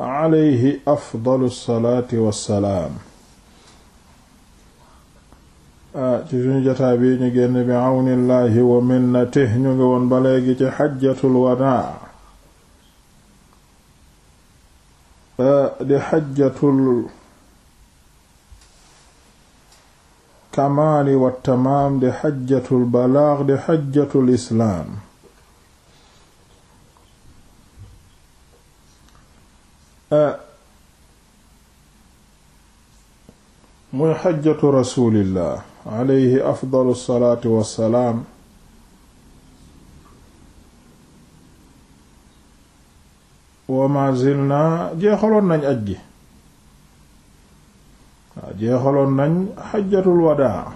alayhi afdalu salaati wassalaam ci suñu jataa bi ñu génn bi àwnillaahi wa minnatihi ñu ngi woon ba léegi ci xajjatul wadaa di xajjatul kamaali wa tamaam di xajjatul balaag di xajjatul islaam Eh, muy xajjatu rasulillah alayhi afdalu salaatu wassalaam wa ma zilna jeexaloon nañ aj gi waaw jeexaloon nañ xajjatul wadaa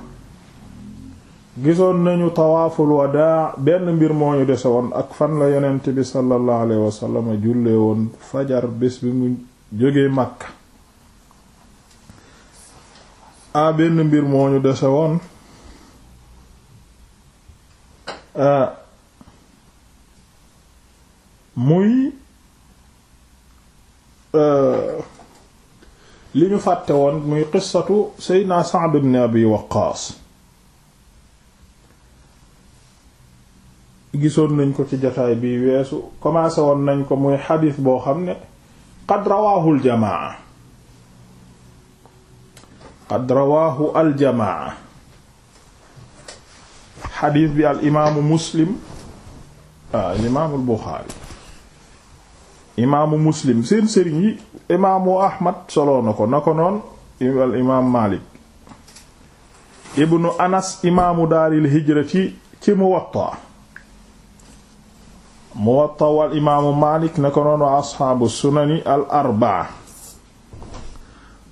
gisoon nañu tawaaful wadaa benn mbir moo ñu dese woon ak fan la yonent bi sallallahu alayhi jullee woon fajar bés bi mu jógee Makka benn mbir moo ñu dese woon muy li ñu fàtte woon muy qissatu Seydina Sa'd ibn Abi Waqqaas gisoon nañ ko ci jataay bi weesu commencé woon nañ ko muy xadis boo xam ne qad rawaahu aljamaa qad rawaahu aljamaa bi al imaamu muslim ah yi imaamu ahmad soloo ko na ko noon al imaam maalik ibnu anas imaamu daaril hijrati ci muwatta muwatta wal imaamu malik na ko noonu asxaabu sunani al arbaa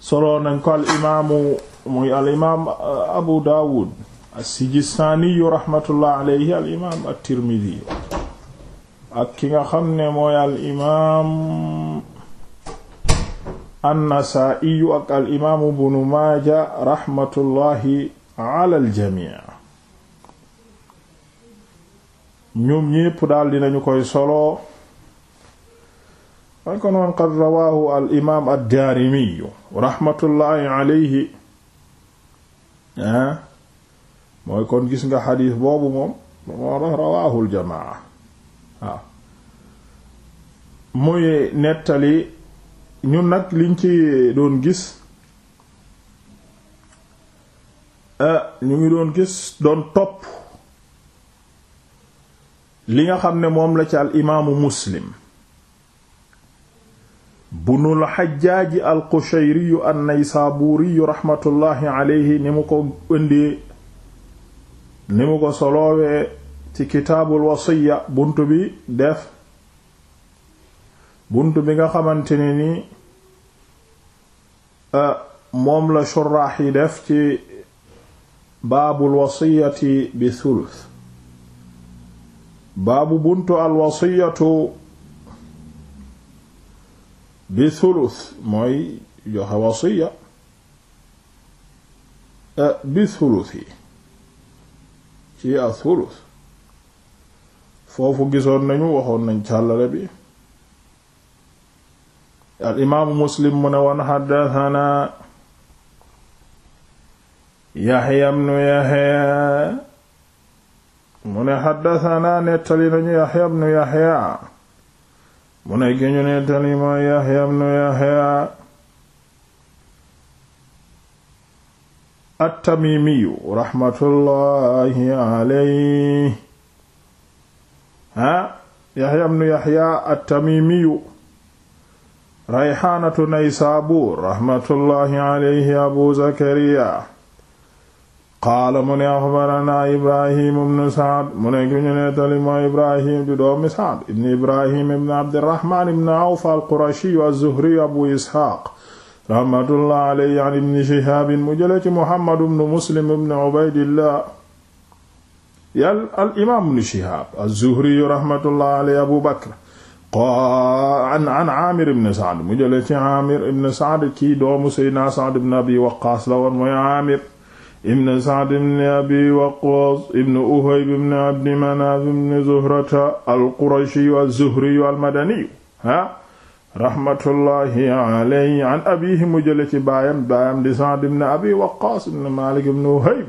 solo nañ ko al imaamu muy al imaam uh, abu daawud as-sijistaaniyu raxmatullah alayhi al imaam at-tirmidi ak ki nga xam ne mooy al imaam an-nasaa'iyu ak al imaamu ibnu maaja raxmatullahi ala al jamii ñoom ñépp daal dinañu koy solo ay ko noon rawaahu al imaam ad-Daarimi raxmatullaahi alayhi ah, mooy kon gis nga xadiis boobu moom moo tax rawaahul jamaa waaw ah, muy nettali ñun nag liñ ci doon gis ah, ñu ngi doon gis doon topp li nga xam ne moom la ci al imaamu muslim bunul xajjaaji al qushayriyu an naysaabuuriyu raxmatullaahi aleyhi ni mu ko ëndee ni mu ko soloowee ci kitaabul wasiya bunt bi bi nga xamante ne ni moom la shuraax yi def ci baabul wasiyati bi thuluth baabu buntu alwasiyatu bi thuluth mooy joxe wasiya eh, bi thuluth yi ci a thuluth foofu gisoon nañu waxoon nañ càllale bi al imaamu muslim mu ne woon xaddathana yaxya ibnu yaxya mu ne xaddasanaa nettali nañu yaxya bnu yaxya mu ne ki ñu nettali mooy yaxya bnu yaxya attamimiyu raxmatullaahi alayhi ha yaxya bnu yaxya attamimiyu rayxaanatu naysaabuur raxmatullaahi alayhi abu zakariya qaala mu ne axbarana ibrahim ibnu saad mu ne ki ñu nettali mooy ibrahim di doomi saad ibn ibrahim ibn abdirahman ibn awf alqurashiyu azzuhriyu abu isxaaq rahmatullah alayhi an ibni shihaabin mu jële ci muhammad ibnu muslim ibnu ubaydillah yal al imaam ibnu shihaab azzuhriyu rahmatullah alayhi abu bakr an an Aamir ibn Saad mu jëlee ci Aamir ibn Saad kii doomu Seydina Saad ibn Abi Waqqaas la woon mooy Aamir ibn Sa'd ibn Abi Waqqas ibn Uhayb ibn Abdi Manaf ibn Zuhrata al-Qurashi az-Zuhri al-Madani ah rahmatullahi alayhi an abihi mu jële ci baayam baayam di Sa'd ibn Abi Waqqas ibn Malik ibn Uhayb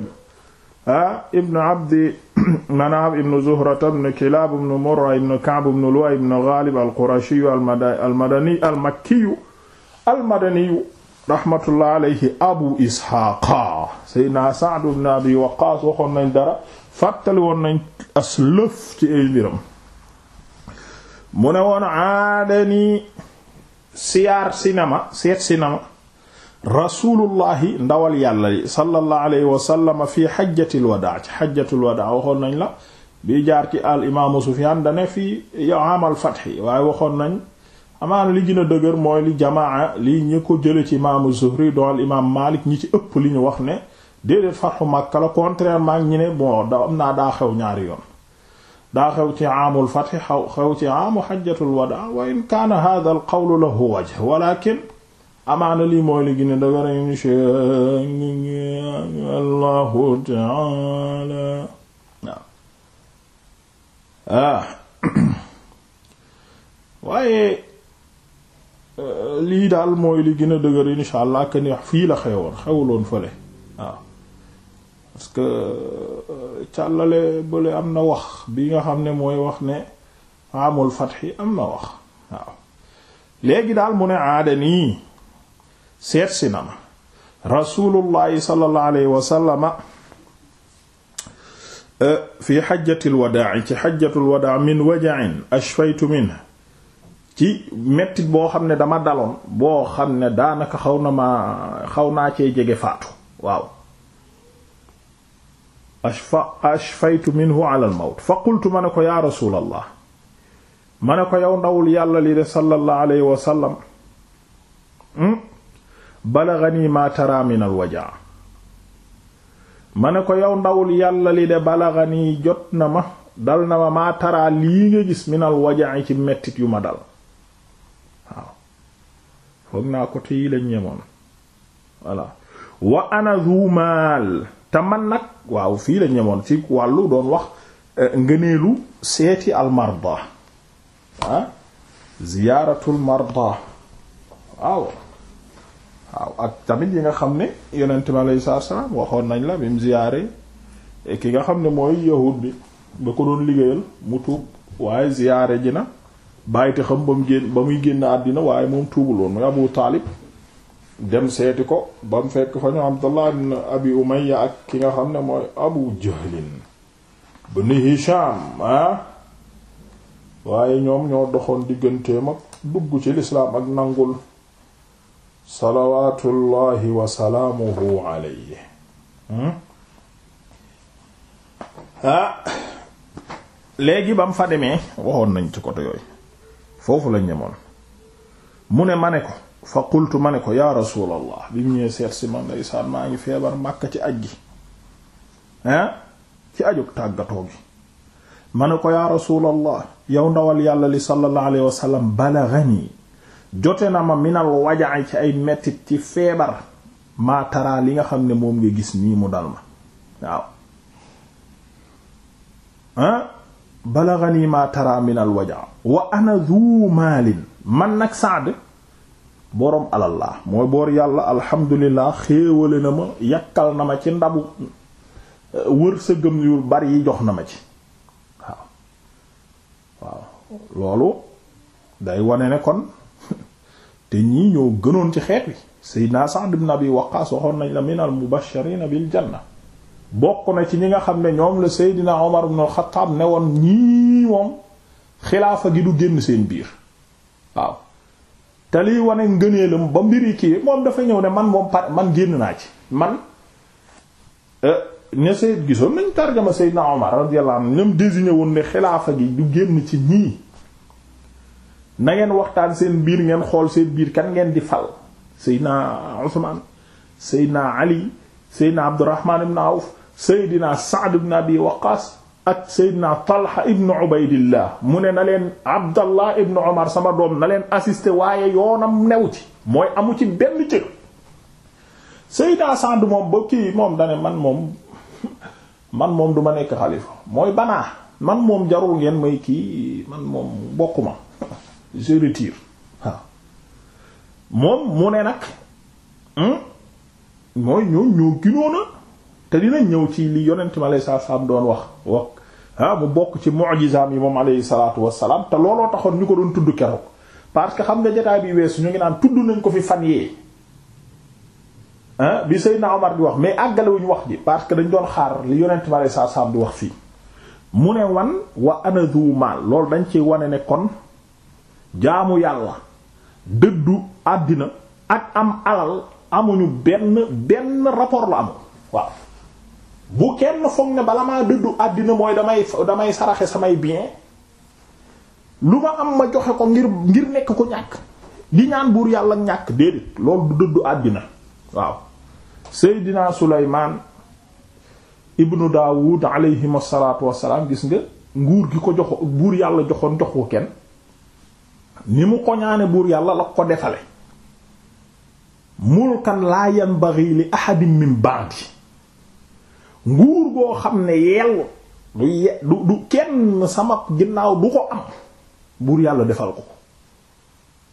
ah ibn Abdi Manaf ibn Zuhrata ibn Kilab ibn Murra ibn Ka'b ibn Lu'ay ibn Ghalib al-Qurashi al-Madani al-Makki al-Madani rahmatullah alayhi abu isxaaqa seydna Sa'd ibn abi waqaas waxoon nañ dara fàttali woon nañ as lëf ci ay mbiram mu ne woon aadani siyaar sinama seet sinama rasulullahi ndawal yàlla li alayhi wa fi xajjatil wadaa ci nañ la bi jaar ci al imaamu Sufyaan dane fi yawmal fathi waaye waxoon nañ amaana li gën dëgër mooy li jamaa li ñu ko jële ci imaamu Zuhri dool imaam Maalik ñi ci ëpp li ñu wax ne déedéet fatxu Makka la contrairement ñi ne bon da am naa daa xew ñaari yoon daa xew ci aamul fatxi xew ci aamu xajjatul wadaa wa in waaye Euh, lii daal mooy li gën a dëgër insha allah fii la xewoon xewuloon fële waaw parce que euh, càllale bële am na wax bi nga xam ne mooy wax ne amul fatxi am na wax waaw léegi daal mu ne aada nii seet si na ma rasulullahi sallallahu alayhi wa sallama euh, fi xajjatil wadaa ci xajjatul wadaa min wajain ashfaytu minhu ci mettit boo xam ne dama daloon boo xam ne daanaka xaw na ma xaw naa cee jege faatu waaw ashfa ashfaytu minhu ala al fa qultu ma ne ko yaa rasulallah ma ne ko yow ndawul yàlla li de sallallahu alayhi wa sallam hmm? balaghani waja ma ne ko yow ndawul yàlla li de balaghani jot na ma dal na ma maa taraa lii nga gis min al waja ci mettit yu ma dal foog naa côté yi lañ ñemoon voilà wa ana zu maal te nag waaw fii lañ ñemoon ci wàllu doon wax eh, ngëneelu seeti al marda ah ziyaaratul marda waaw waaw ak tamit yi nga xam ne yonent bi alayhi salaatu waxoon nañ la bi mu eh, ki nga xam ne mooy yahud bi ba ko doon liggéeyal mu tuub waaye ziyaare ji na bàyyite xam ba mu génn ba muy génn àddina waaye moom tuubul woon muy Abu Taalib dem seeti ko ba mu fekk fa ñu Abdallah ibn Abi Umayya ak ki nga xam ne mooy Abu Jahlin ibn Hisham ah. waaye ñoom ñoo doxoon digganteem ak dugg ci lislaam ak nangul salawaatullahi wa salaamuhu alayhi hmm. ah léegi ba mu fa demee waxoon nañ ci côté yooyu foofu lañ ñemoon mu ne ma ne ko fa qultu ma ne ko ya rasulallah bi mu ñëwee seet si ma ndeysaan maa ngi feebar màkk ci aj gi hein ci ajug tàggatoo gi ma ne ko ya rasulallah yow ndawal yàlla li sallallahu alayhi wasallam balaghani jote na ma minal wajaay ci ay mettit ci feebar maa li nga xam ne moom nga gis nii mu dal ma waaw balaghani ma tara min al wa ana dhu maalin man nag Saad boroom alal mooy boor yàlla alhamdulilah xéewale na ma yakkal na ma ci ndabu euh, wër sa gëm yu bari yi jox na ma ci waaw loolu day wane ne kon te ñii ñoo gënoon ci xeet wi Seydina Sa'd ibn Abi Waqqas waxoon nañ la minal mubashirina bil janna bokk na ci ñi nga xam ne ñoom la Seydina Omar ibn al ne woon ñii moom xilaafa gi du génn seen biir waaw te liy wane ngëneelam ba mbiri kii moom dafa ñëw ne man moom pare man génn naa ci man euh, ne Seyd gisoo nañ tarjama Seydina Omar radiyallahu anhu ñoom désigné woon ne xilaafa gi du génn ci ñii nangeen waxtaan seen biir ngeen xool seen biir kan ngeen di fal Seydina Usman Seydina Ali Seydina Abdurrahman ibn Awf seydina Sa'd ibn Abi Waqqas ak seydina Talha ibn Ubaydillah mu ne na leen Abdallah ibn Umar sama doom na leen assisté waaye yoonam new ci mooy amu ci benn cër seydina Sa'd moom ba kii moom dane man moom man moom du ma nekk xalifa mooy banaa man moom jarul ngeen may kii man moom bokkuma je retire waaw moom mu ne nag hmm? mooy ñoo ñoo ginoona te dinañ ñëw ci li yonent mi alayhi salaam doon wax wax ah mu bokk ci mu'jizaam yi moom alayhi salaatu wassalaam te looloo taxoon ñu ko doon tudd keroog parce que xam nga jotaay bi weesu ñu ngi naan tudd nañ ko fi fan yee ah, bi Seydina Omar bi wax mais àggalewuñu wax ji parce que dañ doon xaar li yonent mi alayhi salaam di wax fii mu ne wan wa anadu maal loolu dañ ci wane ne kon jaamu yàlla dëddu àddina ak am alal amuñu benn benn rapport la amul waaw bu kenn foog ne bala maa dëddu àddina mooy damay damay saraxe samay bien lu ma am ma joxe ko ngir nekk ko ñàkk di ñaan buur yàlla ñàkk déedéet loolu du dëddu àddina waaw seydina suleymaan ibnu daawud alayhim asalaatu wasalaam gis nga nguur gi ko joxo buur yàlla joxoon jox kenn ni mu ko ñaane buur yàlla la ko defale mulkan laa yanbaghi li ahadin min ba'di nguur goo xam ne yell du ye du du kenn sama ginnaaw du ko am buur yàlla defal ko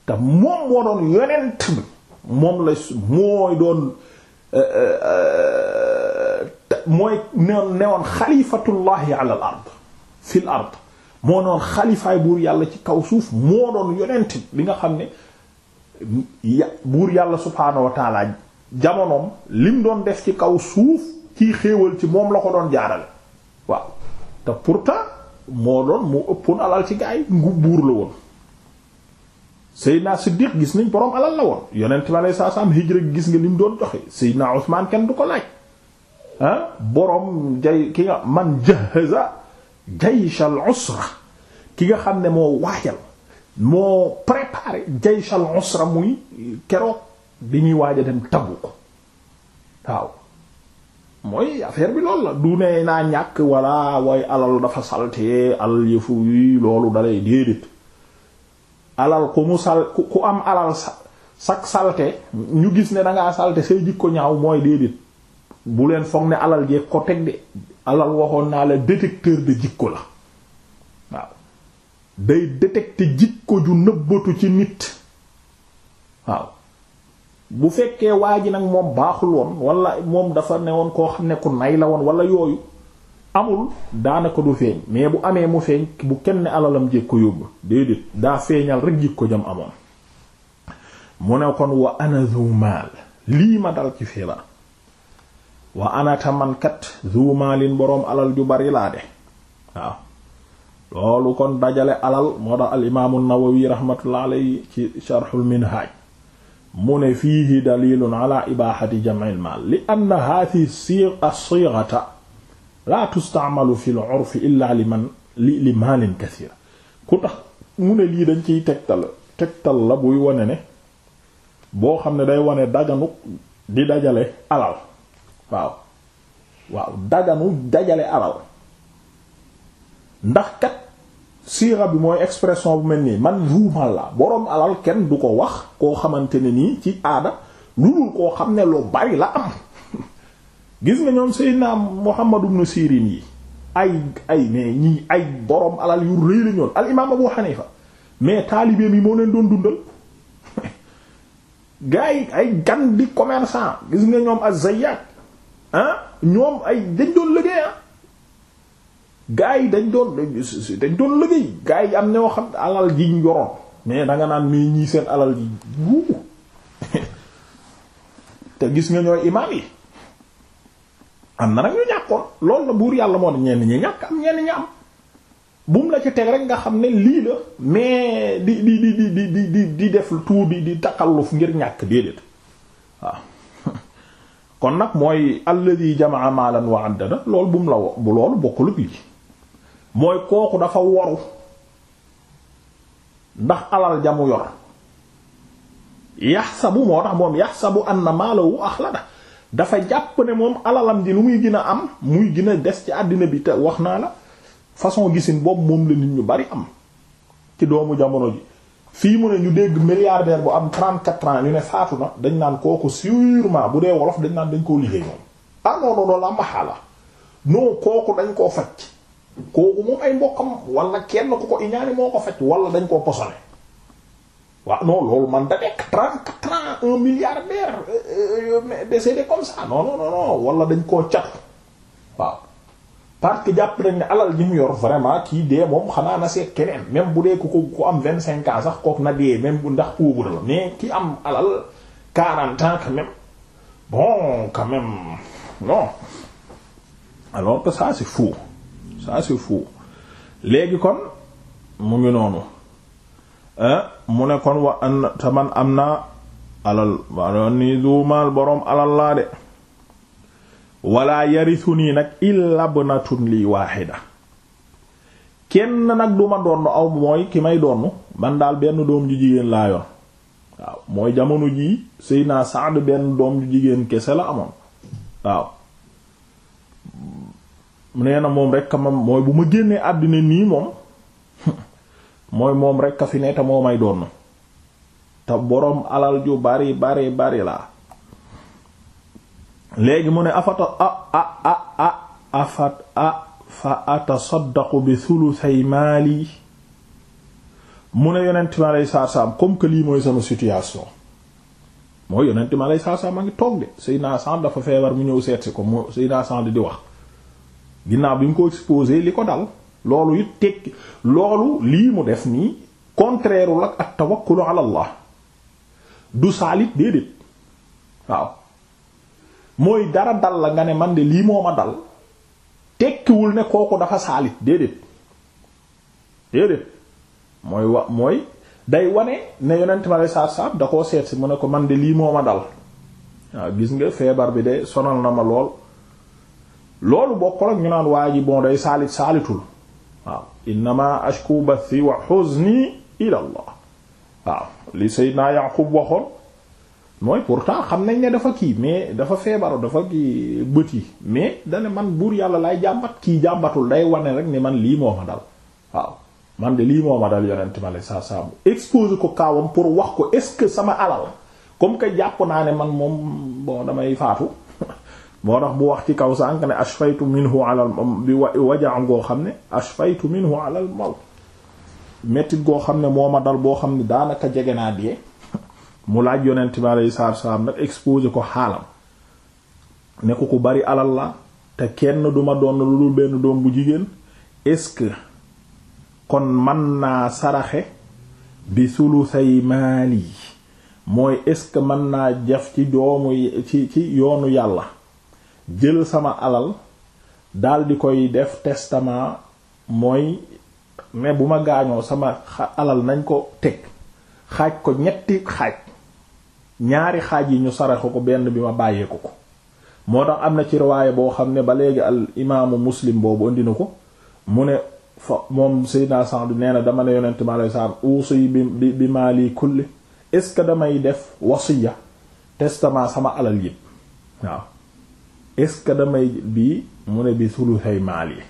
te moom moo doon yonent bi moom la mooy doon euh, euh, euh, mooy newoon xalifatullahi ala xalifaay buur yàlla ci kaw suuf moo doon yonent bi nga xam ne buur yàlla subhaanahu wa taala lim doon def ci kaw suuf kii xéewal ci moom la ko doon jaarale waaw te pourtant moo doon moo ëppoon alal ci gaa yi ngu buur la woon Seydina Siddiq gis nañ borom alal la woon yonent bi alei saa salaam hijra gis nga ni mu doon joxe Seydina Usmaan kenn du ko laaj ah, boroom borom jay ki nga man jahaza jaysh al ki nga xam ne moo waajal moo préparé jaysh al muy keroog bi ñuy waaj a dem Tabuk waaw mooy affaire bi loolu la du ne naa ñàkk walla way alal dafa salte alal yëfu yi loolu dalay déedéet alal ku mu sal ku am alal sak salte ñu gis ne dangaa salte say jikko ñaaw mooy déedéet bu leen foog ne alal jeeg ko teg de alal waxoon naa la détecteur de jikko la waaw day détecter jikko ju nëbbatu ci nit waaw bu fekkee waa ji nag moom baaxul woon wala moom dafa ne woon koo xam ne ku nay la woon wala yooyu amul daanaka du feeñ mais bu amee mu feeñ bu kenn alalam jég ko yóbbu daa feeñal rek jik ko jam amoon mu ne kon wa ana zu maal lii ma dal ci feebar wa anata mankat zu boroom alal ju bari laa de waaw loolu kon dajale alal moo tax al imaamu nawawi rahmatullah alayhi ci sharhul minhaj mu ne fiihi dalilun ala ibaxati jam'il li anna haadihi as-sighata laa tusta'malu fil 'urfi illa li man kasiir ku tax mu ne lii dañ ciy tegtal la buy wone ne boo xam ne day wane daganu di dajale alal waaw daganu dajale alal ndax kat siira bi mooy expression bu mel nii man zuumal la boroom alal kenn du ko wax koo xamante ne nii ci aada lu dul koo xam ne lu bari la am gis nga ñoom Seydina Muhammad ibn Sirin yi ay ay mais ñi ay boroom alal yu rëy la ñoon al imaam Abu Hanifa mais taalibeem yi moo leen doon dundal gars yi ay gan di commerçant gis nga ñoom az-Zayyat ah ñoom ay dañ doon liggéey ah gaa yi dañ doon dañ doon liggéey gaa yi am ñoo xam alal ji ñu yoroon mais danga naan mais ñi seen alal ji wuu te gis nga ñooy imaam yi am na nag ñu ñàkkoon loolu la buur yàlla moo ne ñenn ñi ñàkk am ñenn ñi am bu mu la ci teg rek nga xam ne lii la mais di di di di di di di def tout di di takalluf ngir ñàkk déedéet waaw kon nag mooy alladhi jamaa maalan wa addada loolu bu mu la wo bu loolu bokkul ak lii mooy kooku dafa woru ndax alal jamu yor yaxsabu moo tax moom yaxsabu anna maalahu axlada dafa jàpp ne moom alalam ji lu muy gën a am muy gën a des ci àddina bi te wax naa la façon gisin boobu moom la nit ñu bari am ci doomu jamono ji fii mu ne ñu dégg milliardaire bu am 34 ans ñu ne faatu na dañ naan kooku sûrement bu dee wolof dañ naan dañ koo liggéey moom ah non non non la kooku dañ koo faj kooku moom ay mbokkam wala kenn ku ko iñaane moo ko faj wala dañ koo posone waaw non loolu man da nekk trente quatre ans un milliardaire euh, décédé comme ça non non non wala dañ koo cat waaw parce que jàpp nañ ni alal ji mu yor vraiment kii dee moom xanaa na seet keneen même bu dee ku ko ku am vingt cinq ans sax kooku na dee même bu ndax pauvre la mais ki am alal quarante ans quand même bon quand non alors que ça c'est fou ça c'est faux léegi kon mu ngi noonu eh, mu ne kon wa te man am na alal waloon ni duumaal boroom alal laa de wala yarisu nii nag illa ibnatun lii waaxida kenn nag duma donn aw mooy ki may donn man daal benn doom ju jigéen laa yor waaw mooy jamono jii sëy naa Saad benn doom ju jigéen kese la amoon waaw mu ne na moom rek ma mooy bu ma génnee àddina nii moom mooy moom rek a fi ne te moo may doon te boroom alal ju bari bari bari laa léegi mu ne afata a a a a afat a fa atasaddaqu bi thuluthay maali mu ne yonent mi alay saa saam comme que lii mooy sama situation mooy yonent mi alay saa saam a ngi toog de Seydina Sa'd dafa feebar mu ñëw seetsi ko mu Seydina Sa'd di wax ginnaaw bi ñu ko exposé li ko dal loolu it tekki loolu lii mu def nii contraire lak ak tawakkulu ala du saalit déedéet waaw mooy dara dal la nga ne man de lii moo ma dal tekkiwul ne kooku dafa saalit déedéet déedéet mooy wa mooy day wane ne yonent ma lay saab da koo seet si mu ne ko man de lii moo ma dal waaw gis nga feebar bi de sonal na ma lool loolu bokkul ak ñu naan waa ji bon day saalit saalitul waaw innama ashku si wax huzni ni allah waaw li Seydina Yaqub waxoon mooy pourtant xam nañ ne dafa kii mais dafa feebaru dafa kii bët yi mais dane man buur yàlla laay jàmbat kii jàmbatul day wane rek ni man lii moo ma dal waaw man de lii moo ma dal yonent ma la saa saa mu ko kaawam pour wax ko est-ce que sama alal comme que jàpp naa ne man moom bon damay faatu moo tax bu wax ci kaw sànq ne ashfaytu minhu ala bi wajaam goo xam ne ashfaytu minhu ala al mettit goo xam ne moo ma dal boo xam ne daanaka jege naa dee mu laaj yonent bi alayhi salaatu wassalaam nag exposé ko xaalam ne ko ku bari alal la te kenn duma doon lu dul benn doom bu jigéen est-ce que kon man naa saraxe bi sulusay maali mooy est-ce que mën naa jaf ci doomu ci ci yoonu yàlla jël sama alal dal di koy def testament mooy mais bu ma gaañoo sama alal nañ ko teg xaaj ko ñetti xaaj ñaari xaaj yi ñu saraxu ko benn bi ma bàyyeeku ko moo tax am na ci riwaaya boo xam ne ba léegi al imaamu muslim boobu indi ko mu ne fa moom Seydina Sa'd nee na dama ne yonent ma lay saar uusi bi bi bi maali kulli est ce que damay def wasiya testament sama alal yépp waaw est-ce damay bii mu ne bi sulusay maal yi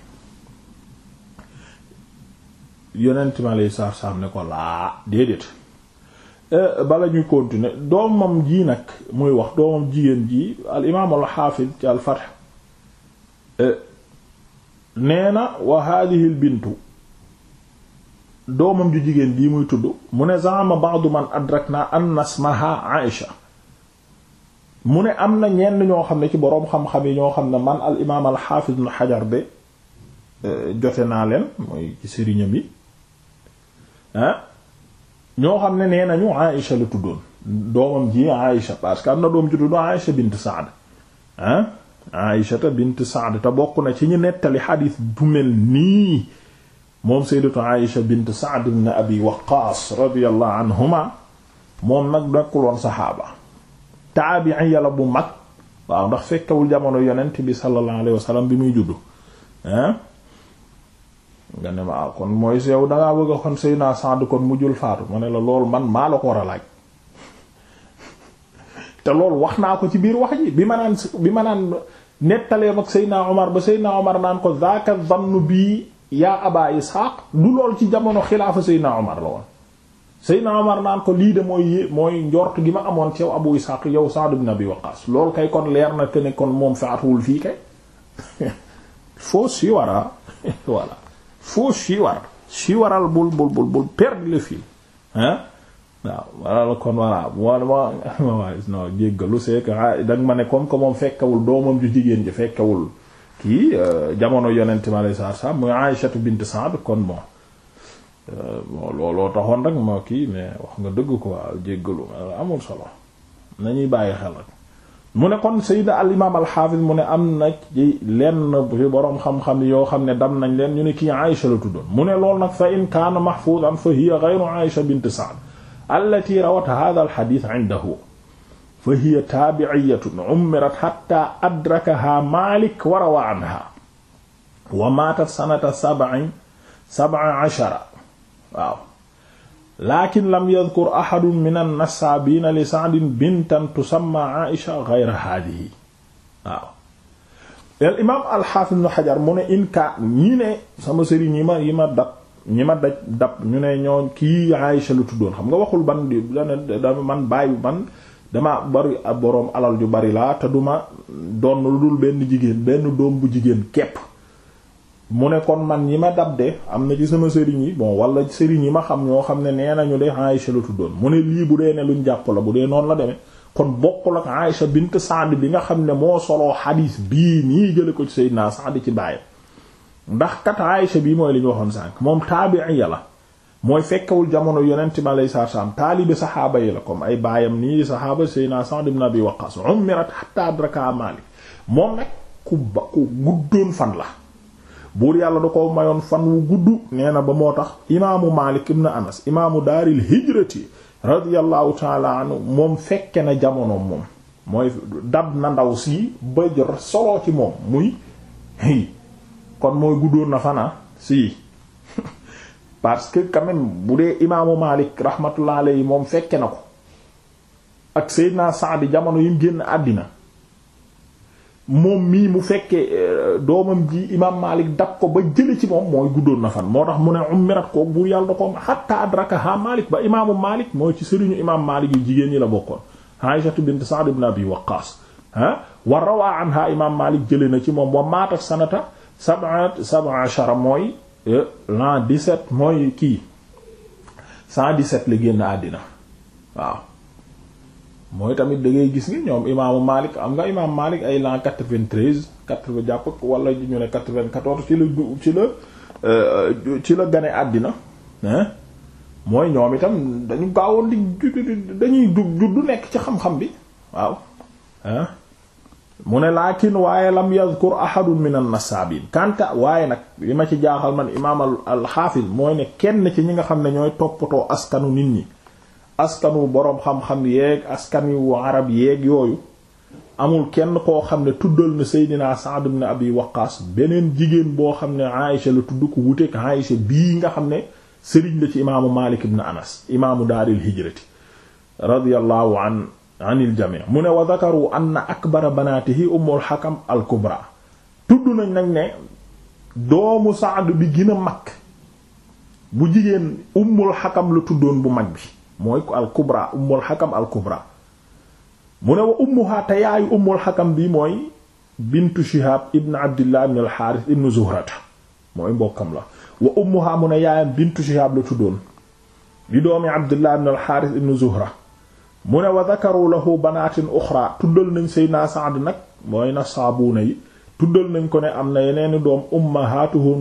yonent ma lay saaf saaf ne ko laa déedéet euh, bala ñu continuer doomam ji nag muy wax doomam jigéen ji al imaam al xaafid ci al fath euh, nee na wa haadihi al bintu doomam ju jigéen ji muy tudd mu ne zaama ba'du man adrakna an nasmaha Aïsha mu ne am na ñenn ñoo xam ne ci boroom xam-xam yi ñoo xam ne man al imaam al xaafiz xajar de eh, jote naa leen mooy ci sëriñam yi ah, ñoo xam ne nee nañu Aïcha la tuddoon doomam ji Aïcha parce que am na doom ji tuddoon Aïcha bint Saad ah bint Saad te bokk na ci ñu nettali xadiis bu mel nii moom sayyidatu Aïcha bint Saad ibn Abi Waqqaas radiyallahu anhuma moom nag dakkuloon saxaaba taabi'i yàlla bu mag waaw ndax fekkewul jamono yonent bi sallallahu alayhi wasallam bi muy juddu hein nga ne ma ah, kon mooy sew dangaa bëgg a xon naa Saad kon jul faatu ma ne la loolu man maa la ko war a laaj te loolu wax naa ko ci biir wax ji bi ma naan bi ma naan nettaleem ak Seydina Omar ba Seydina Omar naan ko zaaka zannu bii yaa Aba Ishaq du lool ci jamono xilaafa Seydina Omar la woon Seydina Omar naan ko lii de mooy mooy njort gi ma amoon ci yow Abu Ishaq yow Sa'd ibn bi Waqqas loolu kay kon leer na te ne kon moom faatuwul fii kay foo siwara voilà foo siwar siwaral bul bul bul bul le fil hein waaw walla kon voilà wala waa non jéggalu c'est que ah, danga ma ne comme que moom fekkewul doomam ju jigéen ji fekkewul kii euh, jamono yonente mi alei satu salaam muy Aïshatu bint kon bon Euh, bon looloo taxoon rek ma kii mais wax nga dëgg quoi jéggalu amul solo nañuy bàyyi xel rek mu ne kon sayyida al imaam mu ne am na ci lenn ci boroom xam-xam yoo xam ne dam nañ leen ñu ne kii Aïsha la tuddoon mu ne lool nag fa in kaana mahfuuzan fa hiya ghayru Aïsha bint Sa'd allati rawat haadha al hadiis indahu fa hiya taabi'iyyatun ummirat hattaa adrakahaa Maalik wa rawaa anhaa wa maatat sanata sab'in sab'a ashara waaw lakin lam yadkur ahadun min an-nasaabina li Sa'din bintan tusamma Aisha ghayra haadihi waaw al imaam al-Haafiz Ibn mu ne inka ñi ne sama sëriñ yi ma yi ma dab ñi ma daj dab ñu ne ñoo kii Aisha lu tuddoon xam nga waxul ban di dana man bàyyi man dama bari boroom alal ju bari laa te duma donn lu dul benn jigéen benn doom bu jigéen képp mu ne kon man yi ma dab am na ci sama sëriñ yi bon wala sëriñ yi ma xam ñoo xam ne nee nañu de Aïcha la tuddoon mu ne lii bu dee ne luñ jàpp la bu dee noonu la demee kon bokk ak Aïcha bint bi nga xam ne moo soloo xadiis bii nii jële ko ci Seydina Saad ci bàyyam ndax kat Aïcha bii mooy li ñu waxoon sànq moom taabi'iya la mooy fekkewul jamono yonent mi alayhi salaatu salaam taalibe saxaaba yi la comme ay baayam nii saxaaba Seydina Saad ibn Abi Waqqas umirat hatta adraka Maalik moom nag ku ba ku guddoon fan la buur yàlla da ko mayoon fan wu gudd nee na ba moo tax imaamu Maalik ibn Anas imaamu daaril hijrati radiyallahu taala anhu moom fekke na jamono moom mooy dab na ndaw si ba jot soloo ci moom muy kon mooy guddoon na fana ah, si parce que quand même bu dee imaamu Maalik rahmatullah moom fekke na ko ak naa Saadi jamono yim génn àddina moom mii mu fekkee euh, doomam ji imaam Maalik dab ko ba jële ci moom mooy guddoon na fan moo tax mu ne ummirat ko buur yàlla da ko hatta adrakaha Maalik ba imaamu Maalik mooy ci sëriñu imaam Maalik yu jigéen ñi la bokkoon Aysatu bint Sa'd ibn Abi Waqqaas ah wa rawaa anha imaam Maalik jële na ci moom wa maata sanata sab'a sab'a ashara mooy euh, l'an 17 mooy kii 117 la génn àddina waaw mooy tamit da ngay gis ni ñoom imaamu Malik am nga imaamu Malik ay l'an quatre-vingt-treize quatre-vingt jàpp wala ñu ne quatre-vingt-quatorze ci la ci la euh, ci la gane àddina mooy ñoom itam dañu gaawoon dañuy dañuy juddu nekk ci xam-xam bi waaw hein mu ne laakin waaye lam yazkur ahadun min an-nasaabin kanta waaye nag li ma ci jaaxal man imaam al-Hafiz mooy ne kenn ci ñi nga xam ne ñooy toppatoo askanu nit ñi askanu boroom xam-xam yeeg askanu wu arab yeeg yooyu amul kenn koo xam ne tuddal na Seydina Sa'd ibn Abi Waqqas beneen jigéen boo xam ne Aïcha la tudd ko wuteeg Aïcha bii nga xam ne sëriñ la ci imaamu Malik ibn Anas imaamu daaril hijrati radiyallahu an anil jami' mu ne wa dhakaru anna akbara banaatihi Ummul Hakam al tudd nañ nag ne doomu Sa'd bi gën a mag bu jigéen Ummul Hakam la tuddoon bu mag bi mooy al kubra ummul xakam al mu ne wa ummuha te yaayu ummul xakam bi mooy bintu shihab ibn abdillah ibn al ibn zuhrata mooy mbokkam la wa ummuha mu ne yaayam bintu shihab la tuddoon di doomi abdillah ibn al ibn zuhra mu ne wa dakaru lahu banaatin uxra tuddal nañ seydna Saad nag mooy na saabuuna yi tuddal nañ ko ne am na yeneeni doom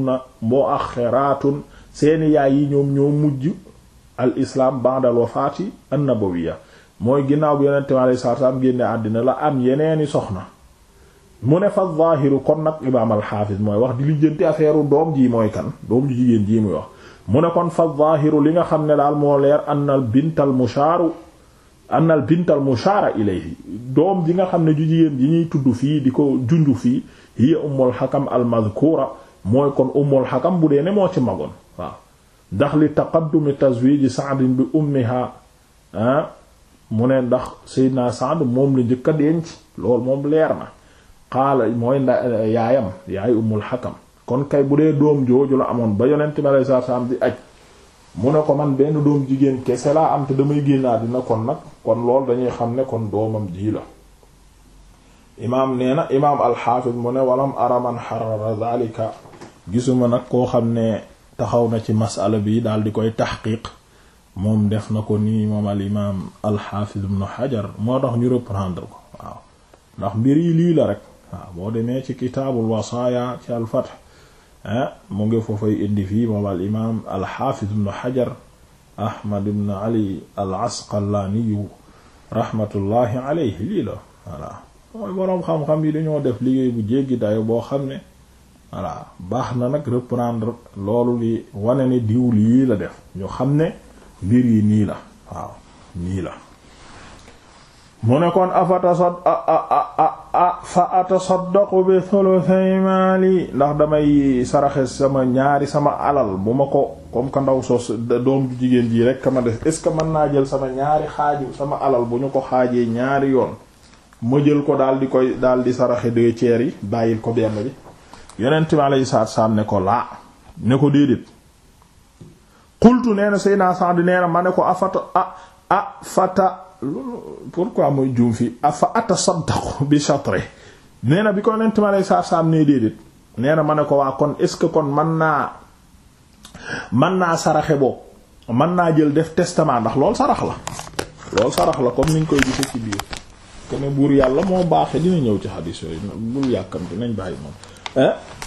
na muaxiraatun seeni yaay yi ñoom ñoo mujj al islam ba'da al wafaati an mooy ginnaaw bi yonente mi alayhi salaatu génne àddina la am yeneeni soxna mu ne fa zaahiru kon nag imaam alxaafis mooy wax di lijjanti affaire doom ji mooy kan doom ji jigéen ji muy wax mu ne kon fa zaahiru li nga xam ne daal moo leer annal bintal mushaaru annal bintal mushaara ilayhi doom ji nga xam ne ju jigéen ji ñuy tudd fii di ko junju fii hiya ummul xakam al madkuura mooy kon ummul xakam bu dee ne ndax li taqaddumi tazwiji Sa'din bi ummiha ah mu ne ndax Seydina Sa'd moom la njëkk a denc loolu moom leer na xaala mooy nda yaayam yaay Ummul Hakam kon kay bu dee doom jooju la amoon ba yonent mi alayhi salaam di aj mu ne ko man benn doom jigéen kese laa am te damay génnaa dina kon nag kon lool dañuy xam ne kon doomam ji la imaam nee na imaam alxaafis mu ne walam araman xarara zalika gisuma nag koo xam ne taxaw na ci masala bi daal di koy taxqiq moom def na ko nii moom al imaam alxaafiz ibnu xajar moo tax ñu reprendre ko waaw ndax mbir yi lii la rek waaw boo demee ci kitaabul wasaaya ci al fath ah, mu ngi foofay indi fii moom al alxaafiz ibnu xajar ahmad ibnu ali al rahmatullahi alayhi lii la voilà mooy boroom xam-xam yi dañoo def liggéey bu jéggi dayo boo xam ne voilà baax na nag reprendre loolu li wane ne diw lii la def ñu xam ne mbir yi nii la waaw nii la mu ne kon afatasad fa atasaddaqu bi thuluthay mali ndax damay saraxe sama ñaari sama alal bu ma ko comme que ndaw soos doom ju jigéen jii rek a ma def est-ce que mën naa jël sama ñaari xaaju sama alal bu ñu ko xaajee ñaari yoon ma jël ko daal di koy daal di saraxe deux tiers yi bàyyil ko benn bi yonent bi alayhi salaatu salaam ne ko laa ne ko déedéet qultu nee na Seydina Saad nee na ma ne ko afata a a fata pourquoi mooy juum fi afa atasaddaqu bi shatre nee bi ko yonent bi alayhi salaatu salaam nee déedéet nee na ma ne ko waa kon est-ce que kon mën naa mën naa saraxe boobu mën naa jël def testament ndax lool sarax la lool sarax la comme niñ koy gise ci biir kene buur yàlla moo ñëw ci xadiis yooyu bul yàkkamte nañ bàyyi moom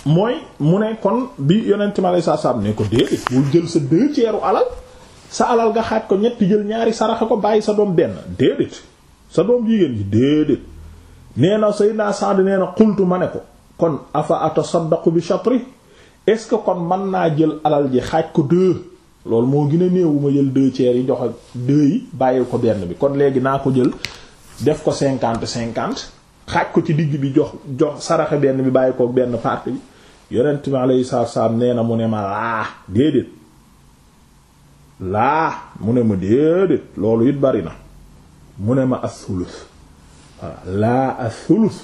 mooy mu ne kon bi yonent ma lay saa saam ne ko déedéet bul jël sa deux tiers alal sa alal ga xaaj ko ñetti jël ñaari saraxe ko bàyyi sa doom benn déedéet sa doom jigéen ji déedéet nee na Seydina Saad nee na xultu ma ne ko kon afa atasaddaqu bi shatri est-ce que kon man naa jël alal ji xaaj ko deux loolu moo gën a néewu ma jël deux tiers yi joxe deux yi bàyyi ko benn bi kon léegi naa ko jël def ko cinquante cinquante xaaj ko ci digg bi jox jox saraxe benn bi bàyyi ko benn partie bi yonent bi alayhi salaatu salaam nee na mu ne ma laa déedéet laa mu ne ma déedéet loolu it bari na mu ne ma as-sulus voilà laa as-sulus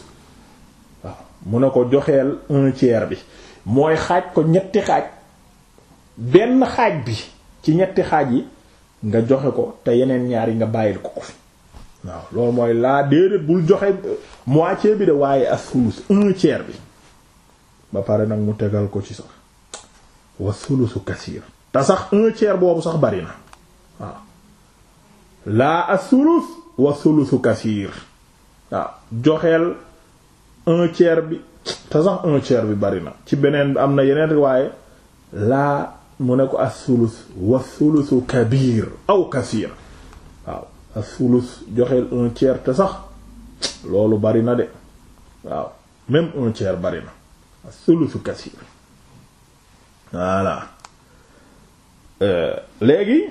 waaw mu ne ko joxeel un tiers bi mooy xaaj ko ñetti xaaj benn xaaj bi ci ñetti xaaj yi nga joxe ko te yeneen ñaar yi nga bàyyil ko ko fi waaw loolu mooy laa déedéet bul joxe moitié bi de waaye as-sulus un tiers bi ba pare nag mu tegal ko ci sax wa sulusu kasiir te sax un tiers boobu sax bari na waaw laa as-sulus wa sulusu kasiir waaw joxeel un tiers bi te sax un tiers bi bari na ci beneen am na yeneen waaye laa mu ne ko as-sulus wa sulusu kabiir aw kasiir ak fulus joxeel un tiers te sax loolu bari na de waaw même un tiers bari na sulusu kasir voilà euh, léegi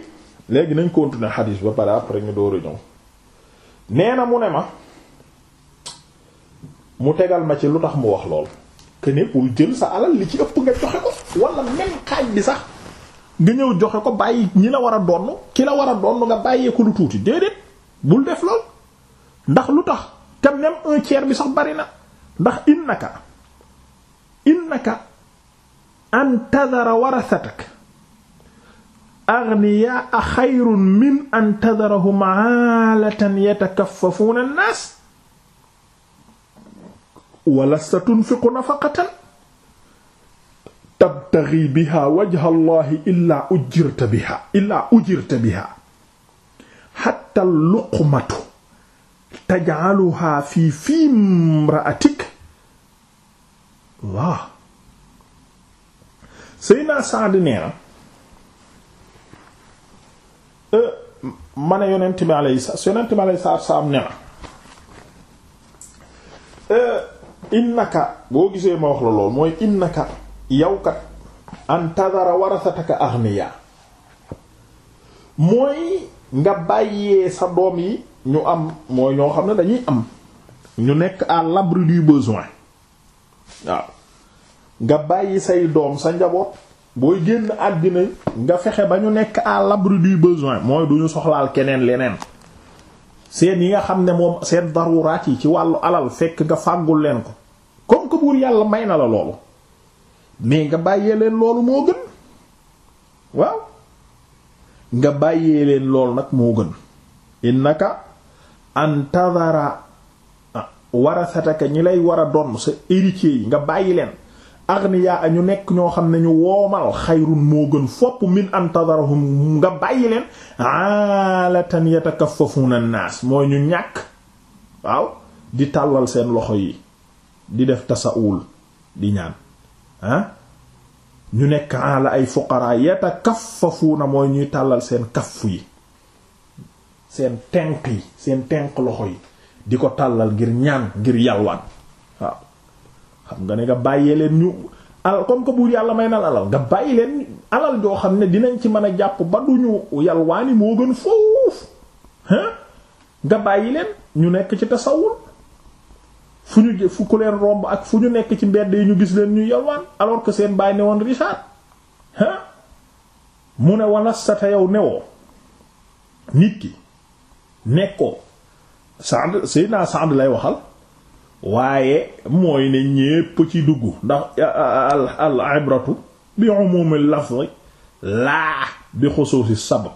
léegi nañ continuer xadiis ba pare après ñu dooru ñëw nee na mu ne ma mu tegal ma ci lu tax mu wax lool que ne pour jël sa alal li ci ëpp nga joxe ko wala même xaaj bi sax nga ñëw joxe ko bàyyi ñi la war a donn ki la war a donn nga bàyyee ko lu tuuti déedéet bul def lool ndax lu tax te même un tiers bi sax bari na ndax innaka innaka an tadara warasatak aghniyaa xayrun min an tadarahum aalatan yatakaffafuuna an-naas wa lasta tunfiqu nafaqatan tabtaxi biha wajha allahi illaa ujirta biha illaa ujirta biha xatta luqmatu tajcaluhaa fii fii mraatik waaw Seydina Saad nee na euh, ma ne yonent bi alayhi salaam yonent bi alayhi salaam ne na euh, innaka boo gisee ma wax la lool mooy innaka yow kat an tadara warasataka aghniya mooy nga bàyyee sa doom yi ñu am mooy ñoo xam ne dañuy am ñu nekk à l'abri du besoin waaw nga bàyyi say doom sa njaboot booy génn àddina nga fexe ba ñu nekk à l'abri du besoin mooy du ñu soxlaal keneen leneen seen yi nga xam ne moom seen daruraat yi ci wàllu alal fekk nga fàggul leen ko comme que buur yàlla may na la loolu mais nga bàyyee leen loolu moo gën waaw nga bàyyee leen lool nag moo gën innaka antadara warasataka ñi lay war a doon sa héritiers yi nga bàyyi leen agniya a ñu nekk ñoo xam ne ñu woomal xayrun moo gën fopp min antadarahum nga bàyyi leen alatan na naas mooy ñu ñàkk waaw di tàllal seen loxo yi di def tasawul di ñaan ñu nekk en la ay fuqara na mooy ñuy tàllal seen kaff yi seen tenq yi seen tenq loxo yi di ko tàllal ngir ñaan ngir yalwaan waaw xam nga ne nga bàyyee leen ñu alal comme que buur yàlla may nal alal nga bàyyi leen alal joo xam ne dinañ ci mën a jàpp ba duñu yalwaani moo gën foofu nga bàyyi leen ñu nekk ci tasawul fu ñu fu ku leen romb ak fu ñu nekk ci mbedd yi ñu gis leen ñu yalwaan alors que seen baay ne woon Richard ah mu ne walastata yow newoo nit ki nekkoo Saad Seydina Saad lay waxal waaye mooy ne ñépp ci dugg ndax al al ibratu bi umumil lafzi laa bi xusuusi sabab